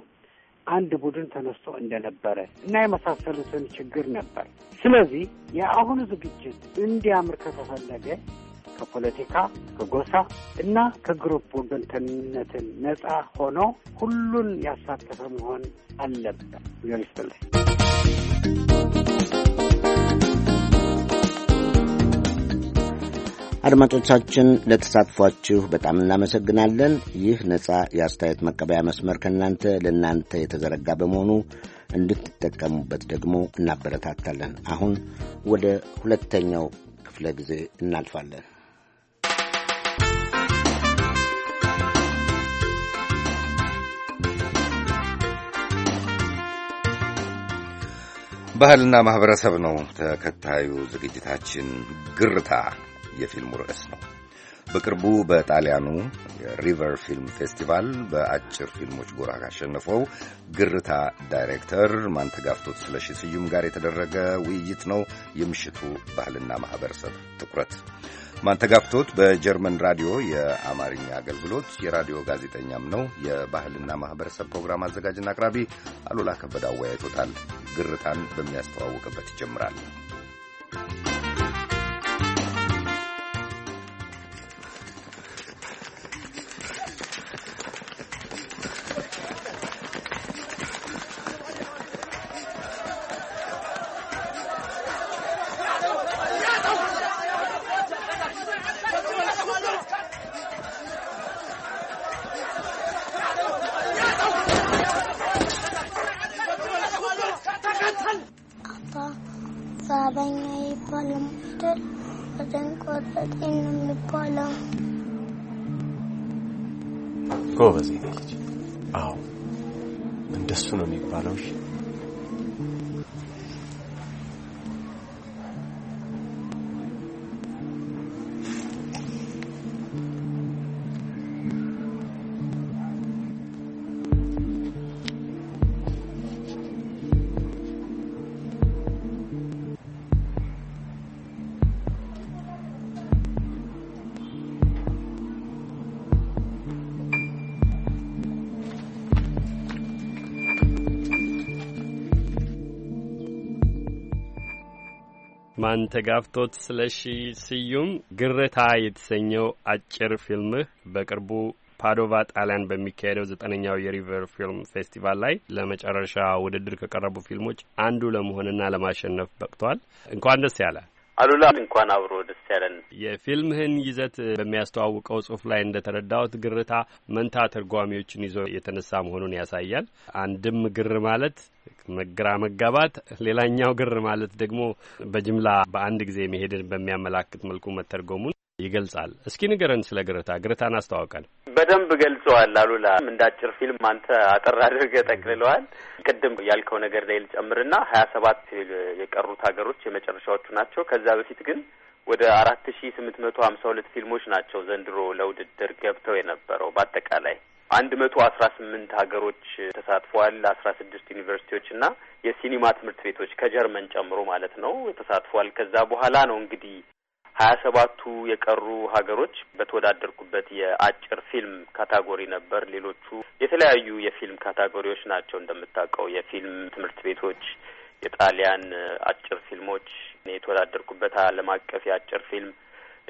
አንድ ቡድን ተነስቶ እንደነበረ እና የመሳሰሉትን ችግር ነበር። ስለዚህ የአሁኑ ዝግጅት እንዲያምር ከተፈለገ ከፖለቲካ ከጎሳ እና ከግሩፕ ወገንተኝነትን ነፃ ሆኖ ሁሉን ያሳተፈ መሆን አለበት። አድማጮቻችን ለተሳትፏችሁ በጣም እናመሰግናለን። ይህ ነጻ የአስተያየት መቀበያ መስመር ከእናንተ ለእናንተ የተዘረጋ በመሆኑ እንድትጠቀሙበት ደግሞ እናበረታታለን። አሁን ወደ ሁለተኛው ክፍለ ጊዜ እናልፋለን። ባህልና ማኅበረሰብ ነው ተከታዩ ዝግጅታችን ግርታ የፊልሙ ርዕስ ነው። በቅርቡ በጣሊያኑ የሪቨር ፊልም ፌስቲቫል በአጭር ፊልሞች ጎራ ካሸነፈው ግርታ ዳይሬክተር ማንተጋፍቶት ስለሺ ስዩም ጋር የተደረገ ውይይት ነው የምሽቱ ባህልና ማህበረሰብ ትኩረት። ማንተጋፍቶት በጀርመን ራዲዮ የአማርኛ አገልግሎት የራዲዮ ጋዜጠኛም ነው። የባህልና ማህበረሰብ ፕሮግራም አዘጋጅና አቅራቢ አሉላ ከበደ አወያይቶታል። ግርታን በሚያስተዋውቅበት ይጀምራል። ተጋፍቶት ስለሺ ስዩም ግርታ የተሰኘው አጭር ፊልምህ በቅርቡ ፓዶቫ ጣሊያን በሚካሄደው ዘጠነኛው የሪቨር ፊልም ፌስቲቫል ላይ ለመጨረሻ ውድድር ከቀረቡ ፊልሞች አንዱ ለመሆንና ለማሸነፍ በቅቷል። እንኳን ደስ ያለ አሉላ እንኳን አብሮ ደስ ያለን። የፊልምህን ይዘት በሚያስተዋውቀው ጽሁፍ ላይ ተረዳሁት ግርታ መንታ ተርጓሚዎችን ይዞ የተነሳ መሆኑን ያሳያል። አንድም ግር ማለት መግራ መጋባት፣ ሌላኛው ግር ማለት ደግሞ በጅምላ በአንድ ጊዜ መሄድን በሚያመላክት መልኩ መተርጎሙን ይገልጻል። እስኪ ንገረን ስለ ግርታ። ግርታን አስተዋውቀን። በደንብ ገልጸዋል አሉላ። እንደ አጭር ፊልም አንተ አጠር አድርገህ ጠቅልለዋል። ቅድም ያልከው ነገር ላይ ልጨምርና ሀያ ሰባት የቀሩት ሀገሮች የመጨረሻዎቹ ናቸው። ከዛ በፊት ግን ወደ አራት ሺ ስምንት መቶ ሀምሳ ሁለት ፊልሞች ናቸው ዘንድሮ ለውድድር ገብተው የነበረው በአጠቃላይ አንድ መቶ አስራ ስምንት ሀገሮች ተሳትፈዋል። አስራ ስድስት ዩኒቨርሲቲዎች እና የሲኒማ ትምህርት ቤቶች ከጀርመን ጨምሮ ማለት ነው ተሳትፏል። ከዛ በኋላ ነው እንግዲህ ሀያ ሰባቱ የቀሩ ሀገሮች በተወዳደርኩበት የአጭር ፊልም ካታጎሪ ነበር። ሌሎቹ የተለያዩ የፊልም ካታጎሪዎች ናቸው። እንደምታውቀው የፊልም ትምህርት ቤቶች የጣሊያን አጭር ፊልሞች የተወዳደርኩበት ዓለም አቀፍ የአጭር ፊልም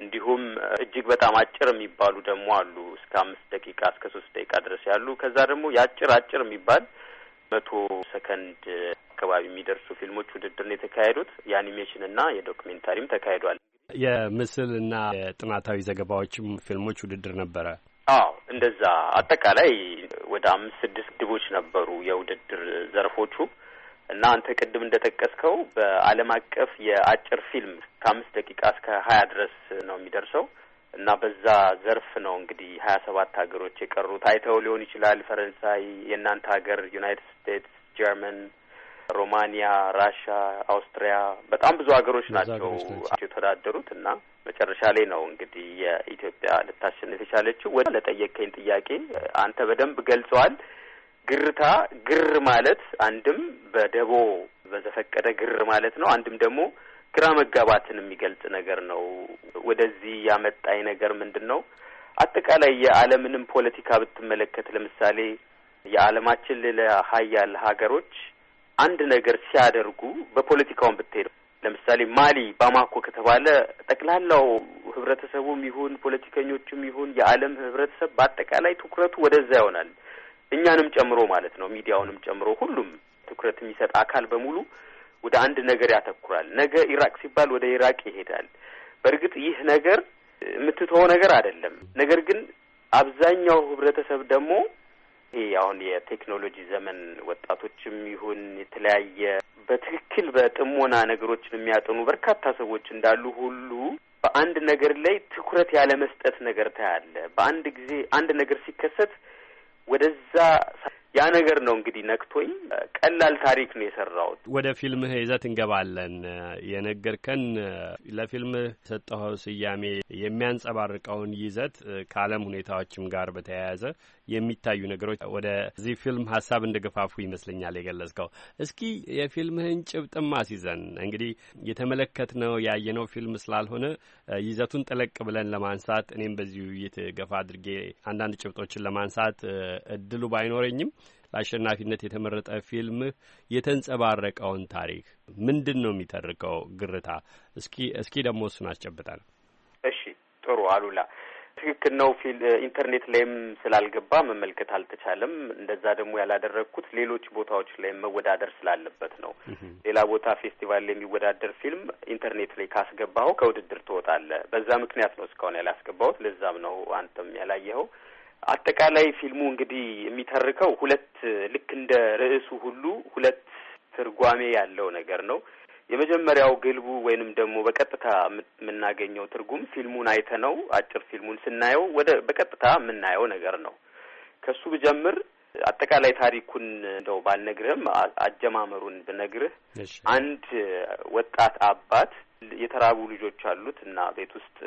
እንዲሁም እጅግ በጣም አጭር የሚባሉ ደግሞ አሉ እስከ አምስት ደቂቃ እስከ ሶስት ደቂቃ ድረስ ያሉ ከዛ ደግሞ የአጭር አጭር የሚባል መቶ ሰከንድ አካባቢ የሚደርሱ ፊልሞች ውድድር ነው የተካሄዱት። የአኒሜሽንና የዶክሜንታሪም ተካሂዷል። የምስል እና የጥናታዊ ዘገባዎችም ፊልሞች ውድድር ነበረ። አዎ እንደዛ አጠቃላይ ወደ አምስት ስድስት ግድቦች ነበሩ የውድድር ዘርፎቹ እና አንተ ቅድም እንደ ጠቀስከው በዓለም አቀፍ የአጭር ፊልም ከአምስት ደቂቃ እስከ ሀያ ድረስ ነው የሚደርሰው እና በዛ ዘርፍ ነው እንግዲህ ሀያ ሰባት ሀገሮች የቀሩት። አይተው ሊሆን ይችላል ፈረንሳይ፣ የእናንተ ሀገር ዩናይትድ ስቴትስ፣ ጀርመን ሮማኒያ፣ ራሽያ፣ አውስትሪያ በጣም ብዙ ሀገሮች ናቸው የተወዳደሩት እና መጨረሻ ላይ ነው እንግዲህ የኢትዮጵያ ልታሸንፍ የቻለችው። ወደ ለጠየቀኝ ጥያቄ አንተ በደንብ ገልጸዋል። ግርታ ግር ማለት አንድም በደቦ በዘፈቀደ ግር ማለት ነው፣ አንድም ደግሞ ግራ መጋባትን የሚገልጽ ነገር ነው። ወደዚህ ያመጣኝ ነገር ምንድን ነው? አጠቃላይ የዓለምንም ፖለቲካ ብትመለከት ለምሳሌ የዓለማችን ሌላ ሀያል ሀገሮች አንድ ነገር ሲያደርጉ በፖለቲካውን ብትሄዱ ለምሳሌ ማሊ ባማኮ ከተባለ ጠቅላላው ህብረተሰቡም ይሁን ፖለቲከኞችም ይሁን የዓለም ህብረተሰብ በአጠቃላይ ትኩረቱ ወደዛ ይሆናል። እኛንም ጨምሮ ማለት ነው። ሚዲያውንም ጨምሮ ሁሉም ትኩረት የሚሰጥ አካል በሙሉ ወደ አንድ ነገር ያተኩራል። ነገ ኢራቅ ሲባል ወደ ኢራቅ ይሄዳል። በእርግጥ ይህ ነገር የምትተወው ነገር አይደለም። ነገር ግን አብዛኛው ህብረተሰብ ደግሞ አሁን የቴክኖሎጂ ዘመን ወጣቶችም ይሁን የተለያየ በትክክል በጥሞና ነገሮችን የሚያጠኑ በርካታ ሰዎች እንዳሉ ሁሉ በአንድ ነገር ላይ ትኩረት ያለ መስጠት ነገር ታያለ። በአንድ ጊዜ አንድ ነገር ሲከሰት ወደዛ ያ ነገር ነው እንግዲህ ነክቶኝ ቀላል ታሪክ ነው የሰራሁት። ወደ ፊልምህ ይዘት እንገባለን። የነገርከን ለፊልምህ ሰጠኸው ስያሜ የሚያንጸባርቀውን ይዘት ከዓለም ሁኔታዎችም ጋር በተያያዘ የሚታዩ ነገሮች ወደዚህ ፊልም ሀሳብ እንደ ገፋፉ ይመስለኛል የገለጽከው። እስኪ የፊልምህን ጭብጥም አስይዘን እንግዲህ የተመለከትነው ያየነው ፊልም ስላልሆነ ይዘቱን ጠለቅ ብለን ለማንሳት እኔም በዚህ ውይይት ገፋ አድርጌ አንዳንድ ጭብጦችን ለማንሳት እድሉ ባይኖረኝም ለአሸናፊነት የተመረጠ ፊልምህ የተንጸባረቀውን ታሪክ ምንድን ነው የሚተርከው? ግርታ እስኪ እስኪ ደግሞ እሱን አስጨብጠን። እሺ ጥሩ አሉላ ትክክል ነው። ኢንተርኔት ላይም ስላልገባ መመልከት አልተቻለም። እንደዛ ደግሞ ያላደረግኩት ሌሎች ቦታዎች ላይ መወዳደር ስላለበት ነው። ሌላ ቦታ ፌስቲቫል ላይ የሚወዳደር ፊልም ኢንተርኔት ላይ ካስገባኸው ከውድድር ትወጣለህ። በዛ ምክንያት ነው እስካሁን ያላስገባሁት። ለዛም ነው አንተም ያላየኸው። አጠቃላይ ፊልሙ እንግዲህ የሚተርከው ሁለት ልክ እንደ ርዕሱ ሁሉ ሁለት ትርጓሜ ያለው ነገር ነው። የመጀመሪያው ግልቡ ወይንም ደግሞ በቀጥታ የምናገኘው ትርጉም ፊልሙን አይተ ነው። አጭር ፊልሙን ስናየው ወደ በቀጥታ የምናየው ነገር ነው። ከሱ ብጀምር አጠቃላይ ታሪኩን እንደው ባልነግርህም አጀማመሩን ብነግርህ አንድ ወጣት አባት የተራቡ ልጆች አሉት እና ቤት ውስጥ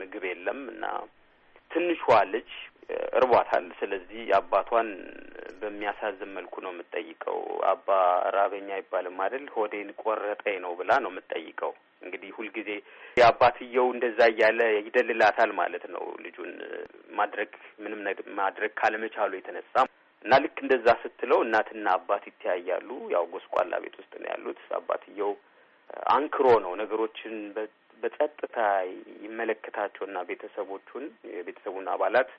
ምግብ የለም እና ትንሿ ልጅ እርቧታል። ስለዚህ አባቷን በሚያሳዝን መልኩ ነው የምትጠይቀው። አባ ራበኛ አይባልም አይደል? ሆዴን ቆረጠኝ ነው ብላ ነው የምትጠይቀው። እንግዲህ ሁልጊዜ የአባትየው እንደዛ እያለ ይደልላታል ማለት ነው ልጁን ማድረግ ምንም ማድረግ ካለመቻሉ የተነሳ እና ልክ እንደዛ ስትለው እናትና አባት ይተያያሉ። ያው ጎስቋላ ቤት ውስጥ ነው ያሉት። አባትየው አንክሮ ነው ነገሮችን በጸጥታ ይመለከታቸውና ቤተሰቦቹን የቤተሰቡን አባላት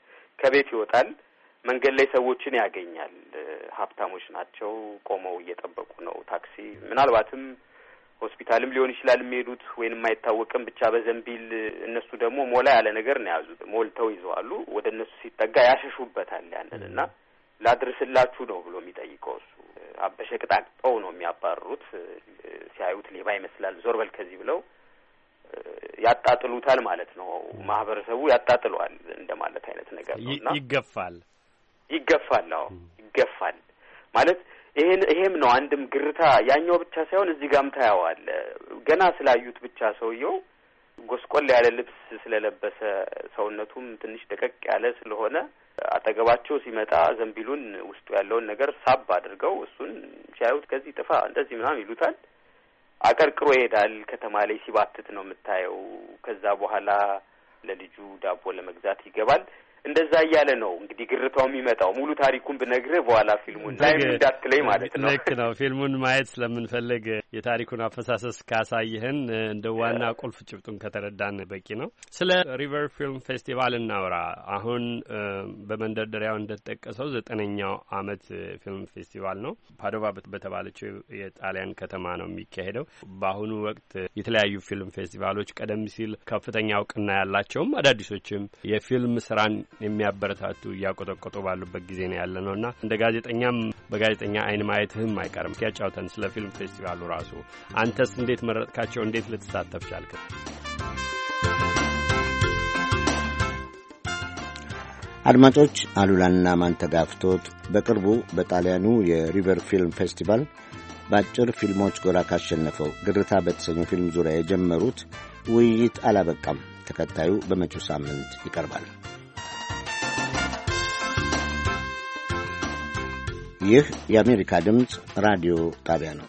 ከቤት ይወጣል። መንገድ ላይ ሰዎችን ያገኛል። ሀብታሞች ናቸው፣ ቆመው እየጠበቁ ነው ታክሲ። ምናልባትም ሆስፒታልም ሊሆን ይችላል የሚሄዱት ወይንም አይታወቅም። ብቻ በዘንቢል እነሱ ደግሞ ሞላ ያለ ነገር ነው የያዙት፣ ሞልተው ይዘዋሉ። ወደ እነሱ ሲጠጋ ያሸሹበታል ያንን እና ላድርስላችሁ ነው ብሎ የሚጠይቀው እሱ። አበሸቅጣቅጠው ነው የሚያባርሩት። ሲያዩት ሌባ ይመስላል። ዞር በል ከዚህ ብለው ያጣጥሉታል ማለት ነው። ማህበረሰቡ ያጣጥለዋል እንደማለት አይነት ነገር ነው ይገፋል ይገፋል። አዎ ይገፋል ማለት ይሄን ይሄም ነው አንድም ግርታ ያኛው ብቻ ሳይሆን እዚህ ጋም ታያዋል። ገና ስላዩት ብቻ ሰውየው ጎስቆል ያለ ልብስ ስለለበሰ ሰውነቱም ትንሽ ደቀቅ ያለ ስለሆነ አጠገባቸው ሲመጣ ዘንቢሉን ውስጡ ያለውን ነገር ሳብ አድርገው እሱን ሲያዩት ከዚህ ጥፋ እንደዚህ ምናምን ይሉታል። አቀርቅሮ ይሄዳል። ከተማ ላይ ሲባትት ነው የምታየው። ከዛ በኋላ ለልጁ ዳቦ ለመግዛት ይገባል። እንደዛ እያለ ነው እንግዲህ ግርታው የሚመጣው። ሙሉ ታሪኩን ብነግርህ በኋላ ፊልሙን ላይ እንዳትለይ ማለት ነው። ልክ ነው። ፊልሙን ማየት ስለምንፈልግ የታሪኩን አፈሳሰስ ካሳይህን እንደ ዋና ቁልፍ ጭብጡን ከተረዳን በቂ ነው። ስለ ሪቨር ፊልም ፌስቲቫል እናውራ። አሁን በመንደርደሪያው እንደተጠቀሰው ዘጠነኛው አመት ፊልም ፌስቲቫል ነው። ፓዶቫ በተባለችው የጣሊያን ከተማ ነው የሚካሄደው። በአሁኑ ወቅት የተለያዩ ፊልም ፌስቲቫሎች ቀደም ሲል ከፍተኛ እውቅና ያላቸውም አዳዲሶችም የፊልም ስራን የሚያበረታቱ እያቆጠቆጡ ባሉበት ጊዜ ነው ያለ ነው እና እንደ ጋዜጠኛም በጋዜጠኛ አይን ማየትህም አይቀርም። ያጫውተን ስለ ፊልም ፌስቲቫሉ ራሱ አንተስ እንዴት መረጥካቸው? እንዴት ልትሳተፍ ቻልክ? አድማጮች አሉላና ማንተጋፍቶት በቅርቡ በጣሊያኑ የሪቨር ፊልም ፌስቲቫል በአጭር ፊልሞች ጎራ ካሸነፈው ግርታ በተሰኘው ፊልም ዙሪያ የጀመሩት ውይይት አላበቃም። ተከታዩ በመጪው ሳምንት ይቀርባል። ይህ የአሜሪካ ድምፅ ራዲዮ ጣቢያ ነው።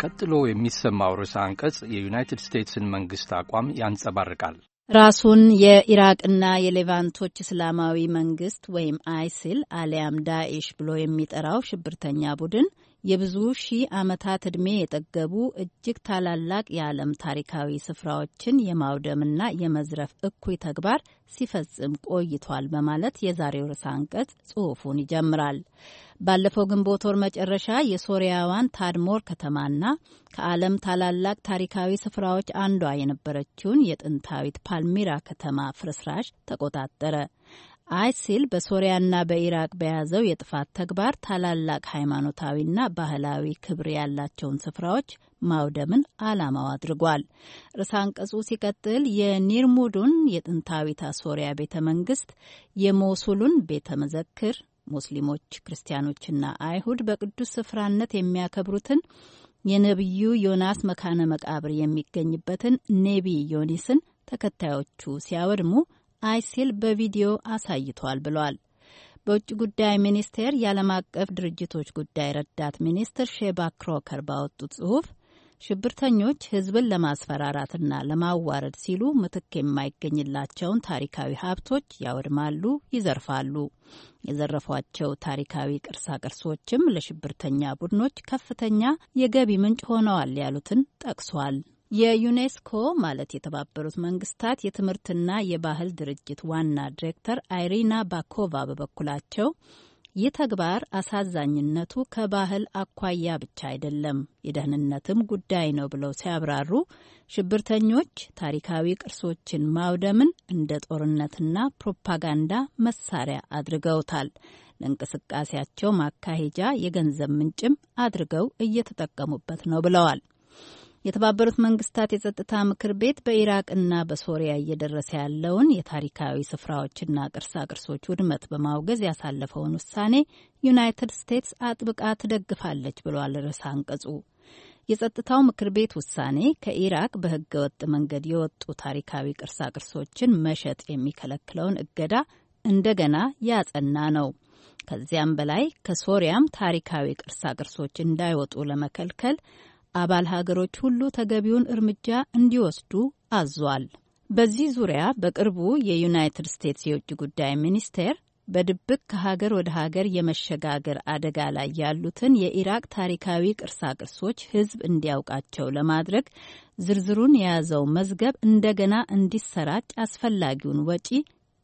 ቀጥሎ የሚሰማው ርዕሰ አንቀጽ የዩናይትድ ስቴትስን መንግስት አቋም ያንጸባርቃል። ራሱን የኢራቅና የሌቫንቶች እስላማዊ መንግስት ወይም አይሲል አሊያም ዳኤሽ ብሎ የሚጠራው ሽብርተኛ ቡድን የብዙ ሺህ ዓመታት ዕድሜ የጠገቡ እጅግ ታላላቅ የዓለም ታሪካዊ ስፍራዎችን የማውደምና የመዝረፍ እኩይ ተግባር ሲፈጽም ቆይቷል በማለት የዛሬው ርዕሰ አንቀጽ ጽሑፉን ይጀምራል። ባለፈው ግንቦት ወር መጨረሻ የሶሪያዋን ታድሞር ከተማና ከዓለም ታላላቅ ታሪካዊ ስፍራዎች አንዷ የነበረችውን የጥንታዊት ፓልሚራ ከተማ ፍርስራሽ ተቆጣጠረ። አይሲል በሶሪያና በኢራቅ በያዘው የጥፋት ተግባር ታላላቅ ሃይማኖታዊና ባህላዊ ክብር ያላቸውን ስፍራዎች ማውደምን ዓላማው አድርጓል። ርዕሰ አንቀጹ ሲቀጥል የኒርሙዱን የጥንታዊታ ሶሪያ ቤተ መንግስት፣ የሞሱሉን ቤተ መዘክር ሙስሊሞች ክርስቲያኖችና አይሁድ በቅዱስ ስፍራነት የሚያከብሩትን የነቢዩ ዮናስ መካነ መቃብር የሚገኝበትን ኔቢ ዮኒስን ተከታዮቹ ሲያወድሙ አይሲል በቪዲዮ አሳይቷል ብሏል። በውጭ ጉዳይ ሚኒስቴር የዓለም አቀፍ ድርጅቶች ጉዳይ ረዳት ሚኒስትር ሼባ ክሮከር ባወጡት ጽሁፍ ሽብርተኞች ህዝብን ለማስፈራራትና ለማዋረድ ሲሉ ምትክ የማይገኝላቸውን ታሪካዊ ሀብቶች ያወድማሉ፣ ይዘርፋሉ። የዘረፏቸው ታሪካዊ ቅርሳቅርሶችም ለሽብርተኛ ቡድኖች ከፍተኛ የገቢ ምንጭ ሆነዋል ያሉትን ጠቅሷል። የዩኔስኮ ማለት የተባበሩት መንግስታት የትምህርትና የባህል ድርጅት ዋና ዲሬክተር አይሪና ባኮቫ በበኩላቸው ይህ ተግባር አሳዛኝነቱ ከባህል አኳያ ብቻ አይደለም፣ የደህንነትም ጉዳይ ነው ብለው ሲያብራሩ ሽብርተኞች ታሪካዊ ቅርሶችን ማውደምን እንደ ጦርነትና ፕሮፓጋንዳ መሳሪያ አድርገውታል። ለእንቅስቃሴያቸው ማካሄጃ የገንዘብ ምንጭም አድርገው እየተጠቀሙበት ነው ብለዋል። የተባበሩት መንግስታት የጸጥታ ምክር ቤት እና በሶሪያ እየደረሰ ያለውን የታሪካዊ ስፍራዎችና ቅርሳ ቅርሶች ውድመት በማውገዝ ያሳለፈውን ውሳኔ ዩናይትድ ስቴትስ አጥብቃ ትደግፋለች ብሏል ርዕሰ አንቀጹ። የጸጥታው ምክር ቤት ውሳኔ ከኢራቅ በህገ ወጥ መንገድ የወጡ ታሪካዊ ቅርሳ ቅርሶችን መሸጥ የሚከለክለውን እገዳ እንደገና ያጸና ነው። ከዚያም በላይ ከሶሪያም ታሪካዊ ቅርሳ ቅርሶች እንዳይወጡ ለመከልከል አባል ሀገሮች ሁሉ ተገቢውን እርምጃ እንዲወስዱ አዟል። በዚህ ዙሪያ በቅርቡ የዩናይትድ ስቴትስ የውጭ ጉዳይ ሚኒስቴር በድብቅ ከሀገር ወደ ሀገር የመሸጋገር አደጋ ላይ ያሉትን የኢራቅ ታሪካዊ ቅርሳቅርሶች ሕዝብ እንዲያውቃቸው ለማድረግ ዝርዝሩን የያዘው መዝገብ እንደገና እንዲሰራጭ አስፈላጊውን ወጪ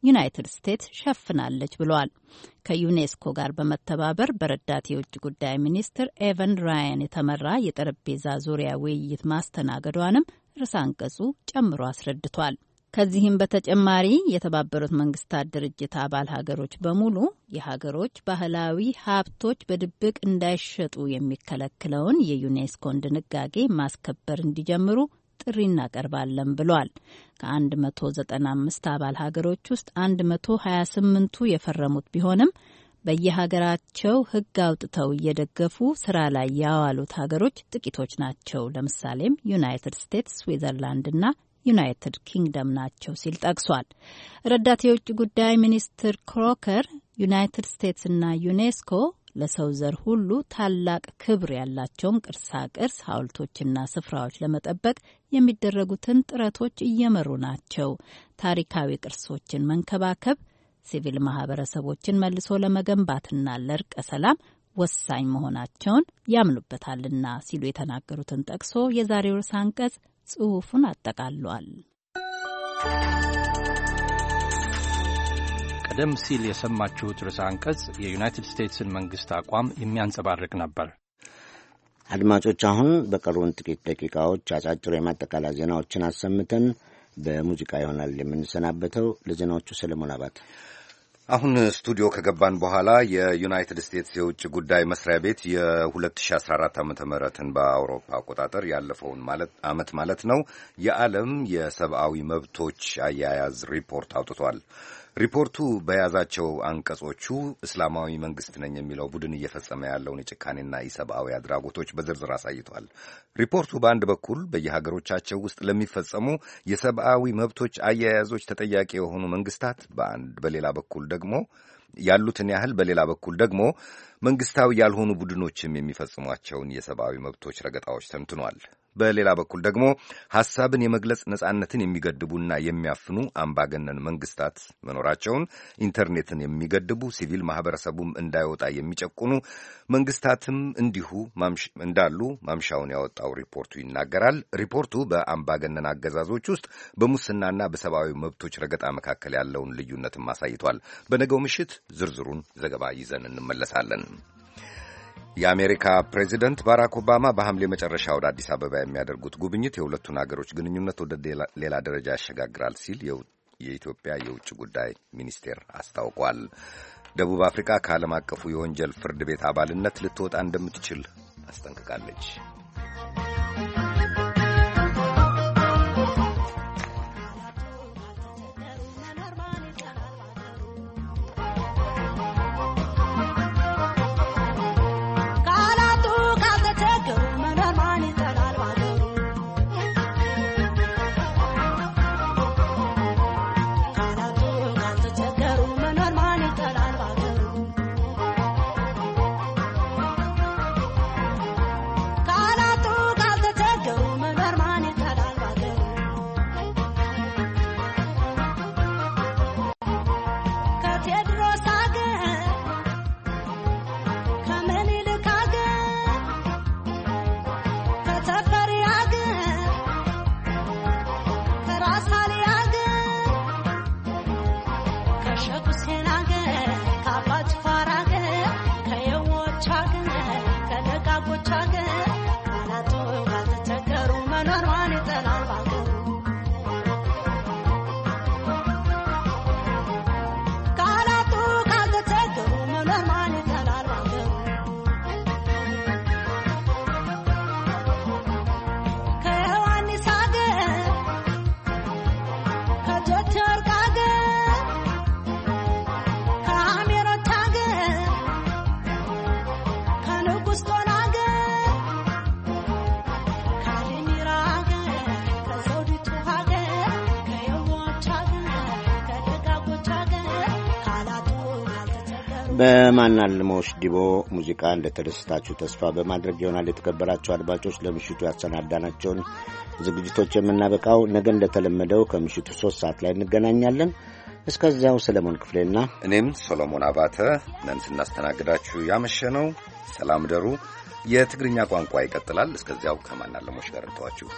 ዩናይትድ ስቴትስ ሸፍናለች ብሏል። ከዩኔስኮ ጋር በመተባበር በረዳት የውጭ ጉዳይ ሚኒስትር ኤቨን ራያን የተመራ የጠረጴዛ ዙሪያ ውይይት ማስተናገዷንም ርዕሰ አንቀጹ ጨምሮ አስረድቷል። ከዚህም በተጨማሪ የተባበሩት መንግስታት ድርጅት አባል ሀገሮች በሙሉ የሀገሮች ባህላዊ ሀብቶች በድብቅ እንዳይሸጡ የሚከለክለውን የዩኔስኮን ድንጋጌ ማስከበር እንዲጀምሩ ጥሪ እናቀርባለን ብሏል። ከ195 አባል ሀገሮች ውስጥ 128ቱ የፈረሙት ቢሆንም በየሀገራቸው ሕግ አውጥተው እየደገፉ ስራ ላይ ያዋሉት ሀገሮች ጥቂቶች ናቸው። ለምሳሌም ዩናይትድ ስቴትስ፣ ስዊዘርላንድ እና ዩናይትድ ኪንግደም ናቸው ሲል ጠቅሷል። ረዳት የውጭ ጉዳይ ሚኒስትር ክሮከር ዩናይትድ እና ዩኔስኮ ለሰው ዘር ሁሉ ታላቅ ክብር ያላቸውን ቅርሳ ቅርስ ሐውልቶችና ስፍራዎች ለመጠበቅ የሚደረጉትን ጥረቶች እየመሩ ናቸው። ታሪካዊ ቅርሶችን መንከባከብ ሲቪል ማህበረሰቦችን መልሶ ለመገንባትና ለእርቀ ሰላም ወሳኝ መሆናቸውን ያምኑበታልና ሲሉ የተናገሩትን ጠቅሶ የዛሬው ርዕሰ አንቀጽ ጽሑፉን አጠቃሏል። ቀደም ሲል የሰማችሁት ርዕሰ አንቀጽ የዩናይትድ ስቴትስን መንግሥት አቋም የሚያንጸባርቅ ነበር። አድማጮች፣ አሁን በቀሩን ጥቂት ደቂቃዎች አጫጭር የማጠቃለያ ዜናዎችን አሰምተን በሙዚቃ ይሆናል የምንሰናበተው። ለዜናዎቹ ሰለሞን አባት አሁን ስቱዲዮ ከገባን በኋላ የዩናይትድ ስቴትስ የውጭ ጉዳይ መስሪያ ቤት የ2014 ዓ ምትን በአውሮፓ አቆጣጠር ያለፈውን ዓመት ማለት ነው የዓለም የሰብአዊ መብቶች አያያዝ ሪፖርት አውጥቷል። ሪፖርቱ በያዛቸው አንቀጾቹ እስላማዊ መንግስት ነኝ የሚለው ቡድን እየፈጸመ ያለውን የጭካኔና ኢሰብአዊ አድራጎቶች በዝርዝር አሳይቷል። ሪፖርቱ በአንድ በኩል በየሀገሮቻቸው ውስጥ ለሚፈጸሙ የሰብአዊ መብቶች አያያዞች ተጠያቂ የሆኑ መንግስታት በአንድ በሌላ በኩል ደግሞ ያሉትን ያህል በሌላ በኩል ደግሞ መንግስታዊ ያልሆኑ ቡድኖችም የሚፈጽሟቸውን የሰብአዊ መብቶች ረገጣዎች ተንትኗል። በሌላ በኩል ደግሞ ሐሳብን የመግለጽ ነጻነትን የሚገድቡና የሚያፍኑ አምባገነን መንግስታት መኖራቸውን፣ ኢንተርኔትን የሚገድቡ ሲቪል ማህበረሰቡም እንዳይወጣ የሚጨቁኑ መንግስታትም እንዲሁ እንዳሉ ማምሻውን ያወጣው ሪፖርቱ ይናገራል። ሪፖርቱ በአምባገነን አገዛዞች ውስጥ በሙስናና በሰብአዊ መብቶች ረገጣ መካከል ያለውን ልዩነትም አሳይቷል። በነገው ምሽት ዝርዝሩን ዘገባ ይዘን እንመለሳለን። የአሜሪካ ፕሬዚደንት ባራክ ኦባማ በሐምሌ መጨረሻ ወደ አዲስ አበባ የሚያደርጉት ጉብኝት የሁለቱን አገሮች ግንኙነት ወደ ሌላ ደረጃ ያሸጋግራል ሲል የኢትዮጵያ የውጭ ጉዳይ ሚኒስቴር አስታውቋል። ደቡብ አፍሪካ ከዓለም አቀፉ የወንጀል ፍርድ ቤት አባልነት ልትወጣ እንደምትችል አስጠንቅቃለች። በማናልመው ዲቦ ሙዚቃ እንደተደሰታችሁ ተስፋ በማድረግ ይሆናል። የተከበራቸው አድማጮች ለምሽቱ ያሰናዳናቸውን ዝግጅቶች የምናበቃው ነገ እንደተለመደው ከምሽቱ ሶስት ሰዓት ላይ እንገናኛለን። እስከዚያው ሰለሞን ክፍሌና እኔም ሶሎሞን አባተ ነን ስናስተናግዳችሁ ያመሸ ነው። ሰላም ደሩ። የትግርኛ ቋንቋ ይቀጥላል። እስከዚያው ከማናለሞች ጋር እንተዋችሁ።